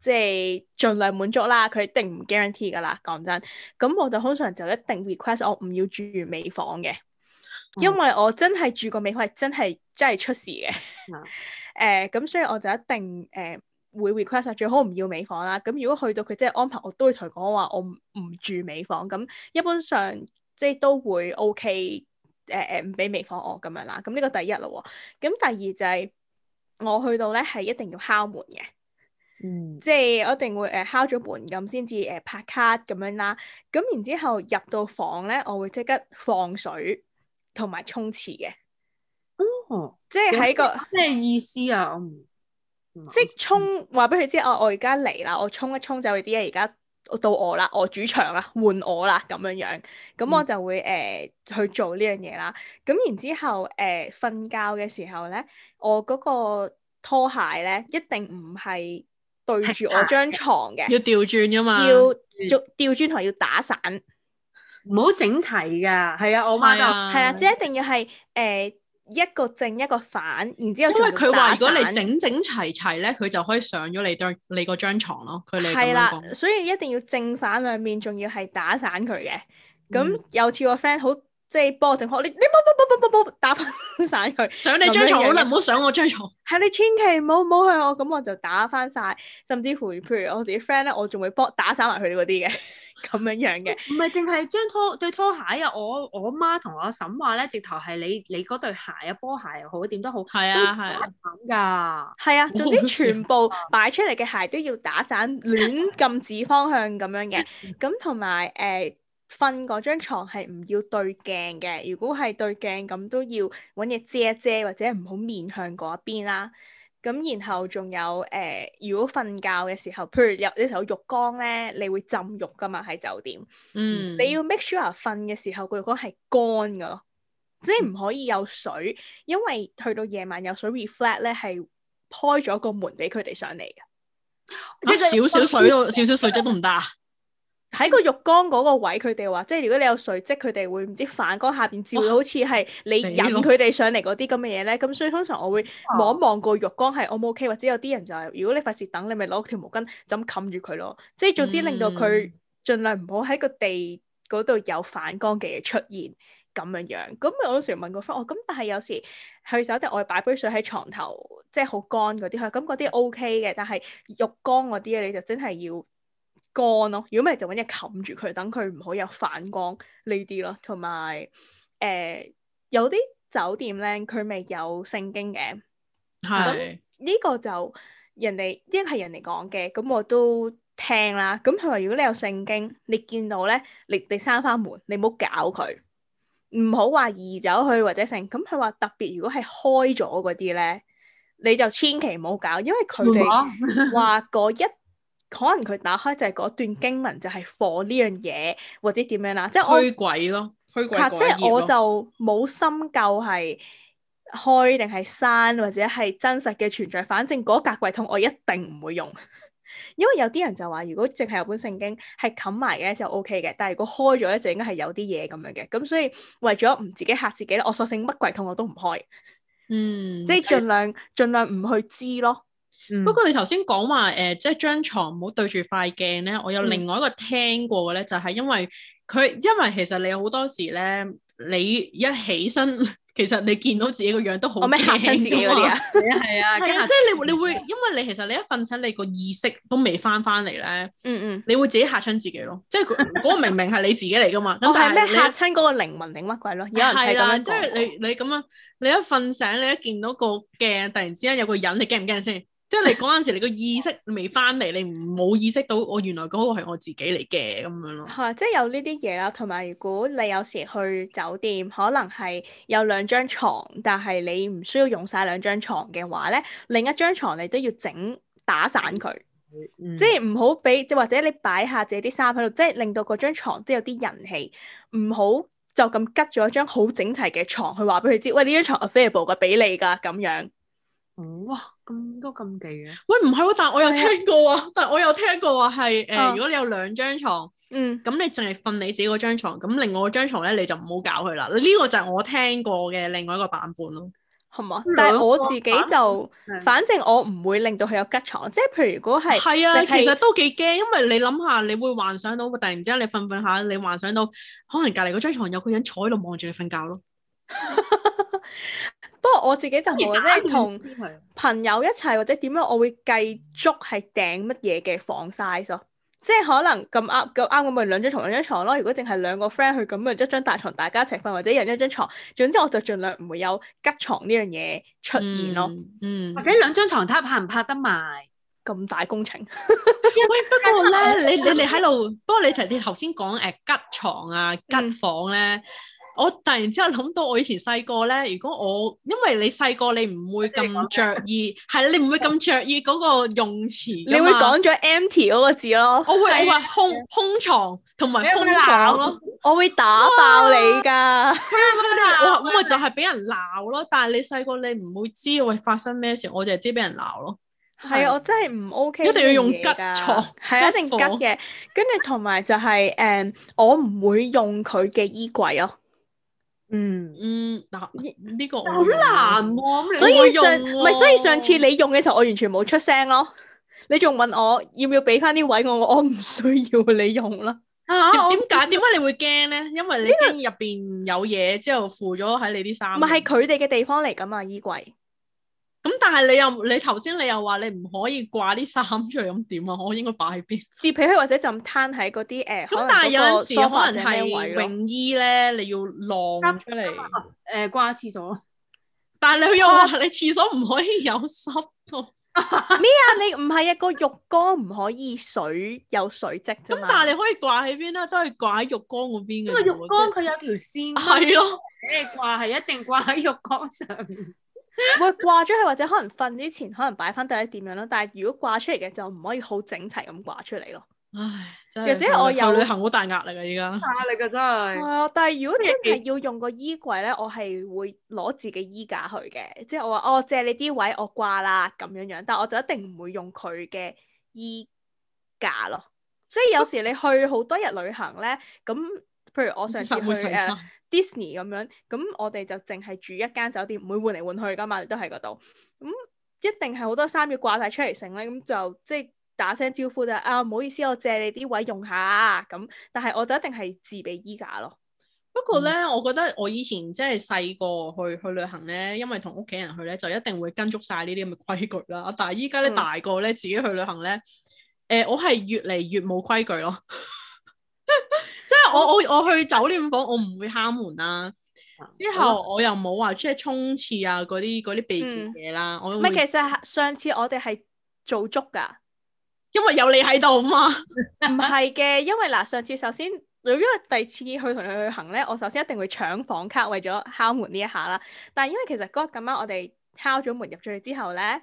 即係盡量滿足啦，佢一定唔 guarantee 噶啦，講真。咁我就通常就一定 request 我唔要住美房嘅，嗯、因為我真係住過美房係真係真係出事嘅。誒、嗯，咁、 呃、所以我就一定誒、呃、會 request 最好唔要美房啦。咁如果去到佢即係安排我，我都會同佢講話我唔住美房。咁一般上即係都會 ok，誒誒唔俾美房我咁樣啦。咁呢個第一咯。咁第二就係、是、我去到咧係一定要敲門嘅。嗯、即係我一定會誒敲咗門咁先至誒拍卡咁樣啦，咁然之後入到房咧，我會即刻放水同埋沖刺嘅。哦、嗯，即係喺個咩意思啊？即沖，話俾佢知、哦，我我而家嚟啦，我沖一沖就啲嘢，而家到我啦，我主場啦，換我啦咁樣樣，咁、嗯、我就會誒、呃、去做呢樣嘢啦。咁然之後誒瞓、呃、覺嘅時候咧，我嗰個拖鞋咧一定唔係。對住我張床嘅， 要調轉噶嘛，要做調轉同要打散，唔好整齊噶。係 啊，我媽係啊，即係、啊啊、一定要係誒、呃、一個正一個反，然之後，因為佢話如果你整整齊齊咧，佢就可以上咗你張你嗰張床咯。係啦、啊，所以一定要正反兩面，仲要係打散佢嘅。咁、嗯、有次我 friend 好。即係幫我整好，你你冇打翻晒佢。上你張牀好啦，唔好上我張牀。係你千祈唔好唔好向我，咁我就打翻晒，甚至乎譬、譬如我哋啲 friend 咧，我仲會波打散埋佢嗰啲嘅，咁樣樣嘅。唔係淨係張拖對拖鞋啊！我我阿媽同我阿嬸話咧，直頭係你你嗰對鞋啊，波鞋又好，點都好。係啊係啊。慘噶、啊。係啊，總之全部擺出嚟嘅鞋都要打散，亂禁指方向咁樣嘅。咁同埋誒。呃瞓嗰張牀係唔要對鏡嘅，如果係對鏡咁都要揾嘢遮一遮，或者唔好面向嗰一邊啦。咁然後仲有誒、呃，如果瞓覺嘅時候，譬如有有時候浴缸咧，你會浸浴噶嘛喺酒店，嗯，你要 make sure 瞓嘅時候，浴缸係乾噶咯，嗯、即係唔可以有水，因為去到夜晚有水 reflect 咧，係開咗個門俾佢哋上嚟嘅，少少水都少水都少水質都唔得。喺個浴缸嗰個位，佢哋話，即係如果你有水漬，佢哋會唔知反光下邊照，好似係你引佢哋上嚟嗰啲咁嘅嘢咧。咁所以通常我會望一望個浴缸係 O 唔 O K，或者有啲人就係如果你費事等，你咪攞條毛巾就咁冚住佢咯。即係總之令到佢盡量唔好喺個地嗰度有反光嘅嘢出現咁樣樣。咁我常常、哦、有時問過 friend 哦咁，但係有時去酒店我我擺杯水喺床頭，即係好乾嗰啲，我感覺啲 O K 嘅。但係浴缸嗰啲咧，你就真係要。乾咯，如果咪就揾嘢冚住佢，等佢唔好有反光呢啲咯。同埋誒有啲、呃、酒店咧，佢咪有聖經嘅，咁呢的個就人哋，因為係人哋講嘅，咁我都聽啦。咁佢話如果你有聖經，你見到咧，你你閂翻門，你唔好搞佢，唔好話移走去或者剩。咁佢話特別如果係開咗嗰啲咧，你就千祈唔好搞，因為佢哋話嗰一。可能佢打開就係嗰段經文就係火呢樣嘢，或者點樣啦，即係推櫃咯。啊，即係我就冇深究係開定係閂或者係真實嘅存在。反正嗰格櫃桶我一定唔會用，因為有啲人就話如果淨係有本聖經係冚埋嘅就 OK 嘅，但係如果開咗咧，就應該係有啲嘢咁樣嘅。咁所以為咗唔自己嚇自己咧，我索性乜櫃桶我都唔開。嗯，即係盡量盡量唔去知咯。不過、嗯、你頭先講話誒，即係張床唔好對住塊鏡咧。我有另外一個聽過嘅咧，嗯、就係因為佢，因為其實你好多時咧，你一起身，其實你見到自己個樣都好咩嚇親自己啲 啊！係啊係啊！即係你你會因為你其實你一瞓醒，你個意識都未翻翻嚟咧。嗯嗯。你會自己嚇親自己咯，即係嗰個明明係你自己嚟噶嘛。咁係咩嚇親嗰個靈魂定乜鬼咯？有人係咁講。係啦，即係你你咁樣！你一瞓醒，你一見到個鏡，突然之間有個人，你驚唔驚先？ 即係你嗰陣時你，你個意識未翻嚟，你唔冇意識到我原來嗰個係我自己嚟嘅咁樣咯。吓， 即係有呢啲嘢啦。同埋，如果你有時去酒店，可能係有兩張床，但係你唔需要用晒兩張床嘅話咧，另一張床你都要整打散佢，嗯、即係唔好俾，即或者你擺下自己啲衫喺度，即係令到嗰張床都有啲人氣，唔好就咁拮咗一張好整齊嘅床去話俾佢知，喂，呢張床 available 嘅，俾你噶咁樣。哇！咁多禁忌嘅？喂，唔係喎，但我有聽過啊！但我有聽過話係誒，哦、如果你有兩張床，嗯，咁你淨係瞓你自己嗰張牀，咁另外嗰張牀咧你就唔好搞佢啦。呢、呢個就係我聽過嘅另外一個版本咯，係嘛？但係我自己就，反正我唔會令到佢有吉床。即係譬如如果係係啊，係係其實都幾驚，因為你諗下，你會幻想到，突然之間你瞓瞓下，你幻想到可能隔離嗰張牀有個人坐喺度望住你瞓覺咯。 不過我自己就冇，即係同朋友一齊或者點樣，我會繼續係訂乜嘢嘅房 size 咯。即係可能咁啱咁啱，我咪兩張床，兩張床咯。如果淨係兩個 friend 去，咁咪一張大床大家一齊瞓，或者一人一張床。總之我就盡量唔會有吉床呢樣嘢出現咯、嗯。嗯，或者兩張床拍拍，睇下拍唔拍得埋咁大工程。 喂，不過咧，你你你喺度，不過你提你頭先講誒吉床啊吉房咧。嗯。我突然之後諗到，我以前細個咧，如果我因為你細個，你唔會咁着意，係你唔會咁着意嗰個用詞，你會講咗 empty 嗰個字咯。我會話空空牀同埋空房咯。我會打爆你㗎。佢，我我咪就係俾人鬧咯。但係你細個你唔會知喂，發生咩事，我就係知俾人鬧咯。係啊，我真係唔 OK。一定要用吉床。係一定吉嘅。跟住同埋就係誒，我唔會用佢嘅衣櫃咯。嗯嗯，嗱呢呢個好難喎、啊，所以上唔係、啊、所以上次你用嘅時候，我完全冇出聲咯。你仲問我要唔要俾翻啲位我，我唔需要你用啦。啊，點解？點解你會驚咧？因為你驚入邊有嘢之、這個、後附咗喺你啲衫。唔係，係佢哋嘅地方嚟㗎嘛，衣櫃。咁、嗯、但係你又你頭先你又話你唔可以掛啲衫出嚟，咁點啊？我應該擺喺邊？折起去或者浸攤喺嗰啲誒。咁、呃嗯、但係有陣時可能係泳衣咧，你要晾出嚟誒掛廁所。但係你又話你廁所唔可以有濕。咩啊？啊你唔係一個浴缸，唔可以水有水漬啫。咁、嗯、但係你可以掛喺邊啦，即可以掛喺浴缸嗰邊嘅。因為浴缸佢有條線、啊。係咯的。 你掛係一定掛喺浴缸上面。 會掛咗去，或者可能瞓之前可能擺翻第一點樣咯。但係如果掛出嚟嘅就唔可以好整齊咁掛出嚟咯。唉，或者我有旅行好大壓力噶、啊，而家大壓力噶真係。 但係如果真係要用個衣櫃咧，我係會攞自己衣架去嘅。即係我話哦，借你啲位我掛啦咁樣樣。但係我就一定唔會用佢嘅衣架咯。 即係有時你去好多日旅行咧，咁譬如我上次去啊。 Disney 咁樣，咁我哋就淨係住一間酒店，唔會換嚟換去噶嘛，都喺嗰度。咁一定係好多衫要掛晒出嚟剩咧，咁就即係、就是、打聲招呼就是、啊，唔好意思，我借你啲位用下啊咁。但係我就一定係自備衣架咯。不過咧，嗯、我覺得我以前即係細個去去旅行咧，因為同屋企人去咧，就一定會跟足晒呢啲咁嘅規矩啦。但係依家咧，大個咧，自己去旅行咧，誒、呃，我係越嚟越冇規矩咯。 即係我 我我去酒店房，我唔會敲門啦、啊。之後我，我又冇話即係衝刺啊，嗰啲嗰啲秘訣嘢啦。唔係，嗯、會其實上次我哋係做足噶，因為有你喺度嘛。唔係嘅，因為嗱，上次首先，如果第二次去同你去行咧，我首先一定會搶房卡，為咗敲門呢一下啦。但係因為其實嗰日咁啱，我哋敲咗門入咗去之後咧，誒、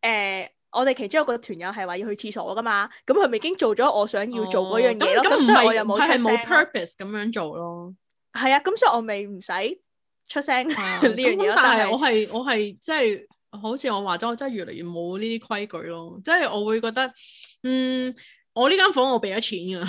呃。我哋其中一個團友係話要去廁所噶嘛，咁佢咪已經做咗我想要做嗰樣嘢咯，咁、哦嗯、所以我又冇出聲。係冇 purpose 咁樣做咯。係啊，咁所以我未唔使出聲呢樣嘢。但係我係我係即係好似我話咗，我真係越嚟越冇呢啲規矩咯。即係我會覺得，嗯，我呢間房我俾咗錢㗎。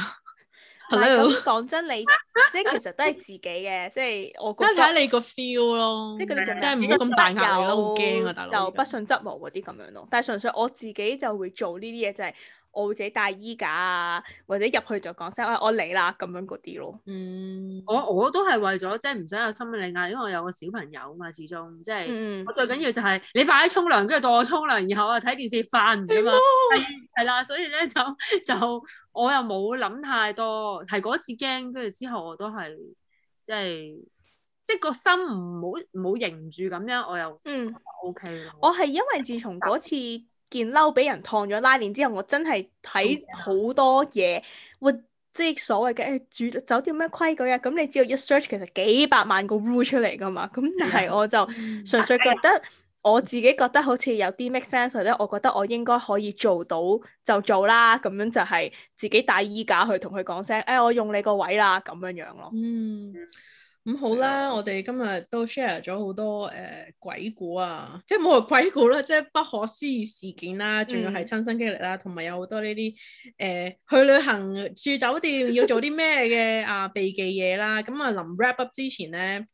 係咁講真，你即係其實都係自己嘅， 即係我覺得，睇你個 feel 咯， 即係唔使咁大壓力咯，好驚 啊，大佬，就不信則無嗰啲咁樣咯。 但係純粹我自己就會做呢啲嘢，就係、是。我會自己帶衣架啊，或者入去就講聲我我嚟啦咁樣嗰啲咯。嗯，我我都係為咗即係唔想有心理壓力，因為我有個小朋友啊嘛，始終即係、就是嗯、我最緊要就係你快啲沖涼，跟住當我沖涼，然後我睇電視瞓啊嘛。係係啦，所以咧就就，就我又冇諗太多，係嗰次驚，跟住之後我都係即係即個心唔好唔好凝住咁樣，我又嗯 OK 咯。我係因為自從嗰次。 件褸俾人燙咗拉鏈之後，我真係睇好多嘢，我 即係所謂嘅誒，住酒店咩規矩啊？咁你只要一 search，其實幾百萬個 rule 出嚟噶嘛。咁但係我就純粹覺得 我自己覺得好似有啲 make sense 或者我覺得我應該可以做到就做啦。咁樣就係自己帶衣架去同佢講聲，誒、哎，我用你個位啦，咁樣樣咯。嗯。 咁好啦，好，我哋今日都 share 咗好多誒、呃、鬼故啊，即係冇話鬼故啦，即係不可思議事件啦，仲、嗯、要係親身經歷啦，同埋有好多呢啲誒去旅行住酒店要做啲咩嘅啊避忌嘢啦。咁、嗯、啊臨 wrap up 之前咧，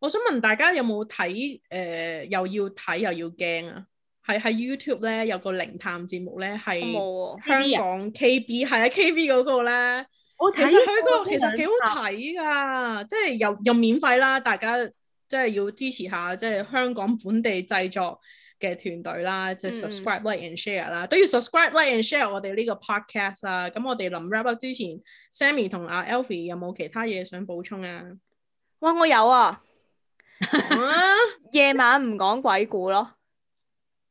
我想問大家有冇睇誒又要睇又要驚啊？係喺 YouTube 咧有個靈探節目咧係香港 KB 係啊 KB 嗰個咧。我其實佢個其實幾好睇噶即係又又免費啦，大家即係要支持下，即、就、係、是、香港本地製作嘅團隊啦，即係 subscribe like and share 啦，都要 subscribe like and share 我哋呢個 podcast 啊，咁、嗯、我哋臨 wrap up 之前 ，Sammy 同阿 Alfy 有冇其他嘢想補充啊？哇，我有啊，夜 晚唔講鬼故咯，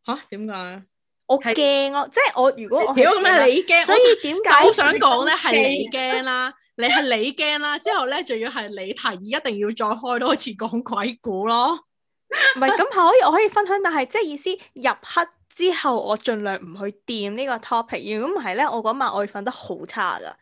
吓、啊？點解？我驚啊，是即係我如果我如果咁樣你驚，所以點解我想講咧係你驚啦、啊， 你係你驚啦、啊，之後咧仲要係你提議一定要再開多次講鬼故咯。唔係咁可以我可以分享，但係即係意思入黑之後我盡量唔去掂呢個 topic。如果唔係咧，我嗰晚我會瞓得好差噶。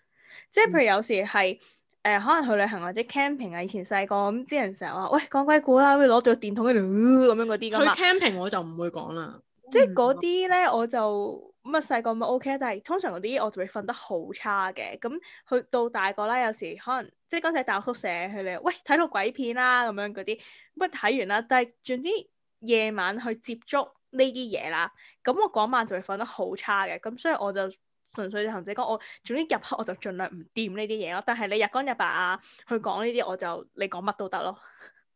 即係譬如有時係誒、嗯呃、可能去旅行或者 camping 啊，以前細個咁啲人成日話喂，講鬼故啦，會攞住個電筒喺度咁樣嗰啲噶嘛。去 camping 我就唔會講啦。嗯、即係嗰啲咧，我就乜細個咪 OK 啊，但係通常嗰啲我就會瞓得好差嘅。咁去到大個啦，有時可能即係嗰陣喺大學宿舍佢哋喂睇到鬼片啦、啊、咁樣嗰啲，乜睇完啦，但係總之夜晚去接觸呢啲嘢啦，咁我嗰晚就會瞓得好差嘅。咁所以我就純粹同你講，我總之入黑，我就盡量唔掂呢啲嘢咯。但係你日光日白啊，去講呢啲我就你講乜都得咯。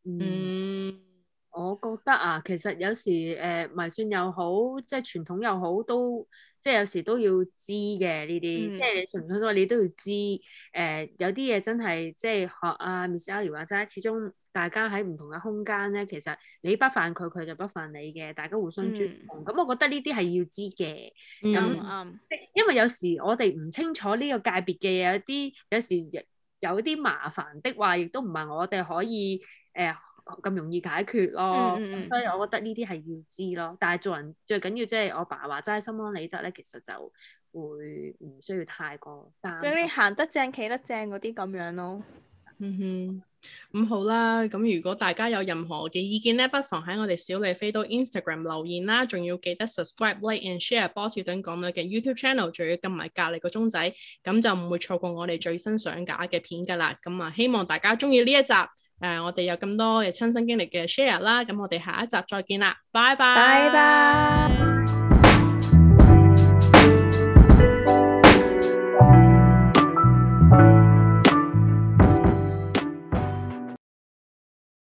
嗯。我覺得啊，其實有時誒、呃、迷信又好，即係傳統又好，都即係有時都要知嘅呢啲。嗯、即係你信唔信都，你都要知。誒、呃、有啲嘢真係即係學啊 Miss Ivy 話齋，始終大家喺唔同嘅空間咧，其實你不犯佢，佢就不犯你嘅，大家互相尊重。咁、嗯、我覺得呢啲係要知嘅。咁啱，因為有時我哋唔清楚呢個界別嘅嘢，有啲有時有啲麻煩的話，亦都唔係我哋可以誒。呃呃咁、哦、容易解決咯，嗯嗯嗯，所以我覺得呢啲係要知咯。但係做人最緊要即係我爸話齋心安理得咧，其實就會唔需要太過。但即係你行得正企得正嗰啲咁樣咯。嗯哼，咁好啦。咁如果大家有任何嘅意見咧，不妨喺我哋小李飛刀 Instagram 留言啦。仲要記得 subscribe、like and share 波士等講乜嘅 YouTube channel，仲要撳埋隔離個鐘仔，咁就唔會錯過我哋最新上架嘅片噶啦。咁啊，希望大家中意呢一集。誒、呃，我哋有咁多嘅親身經歷嘅 share 啦，咁我哋下一集再見啦，拜拜拜拜。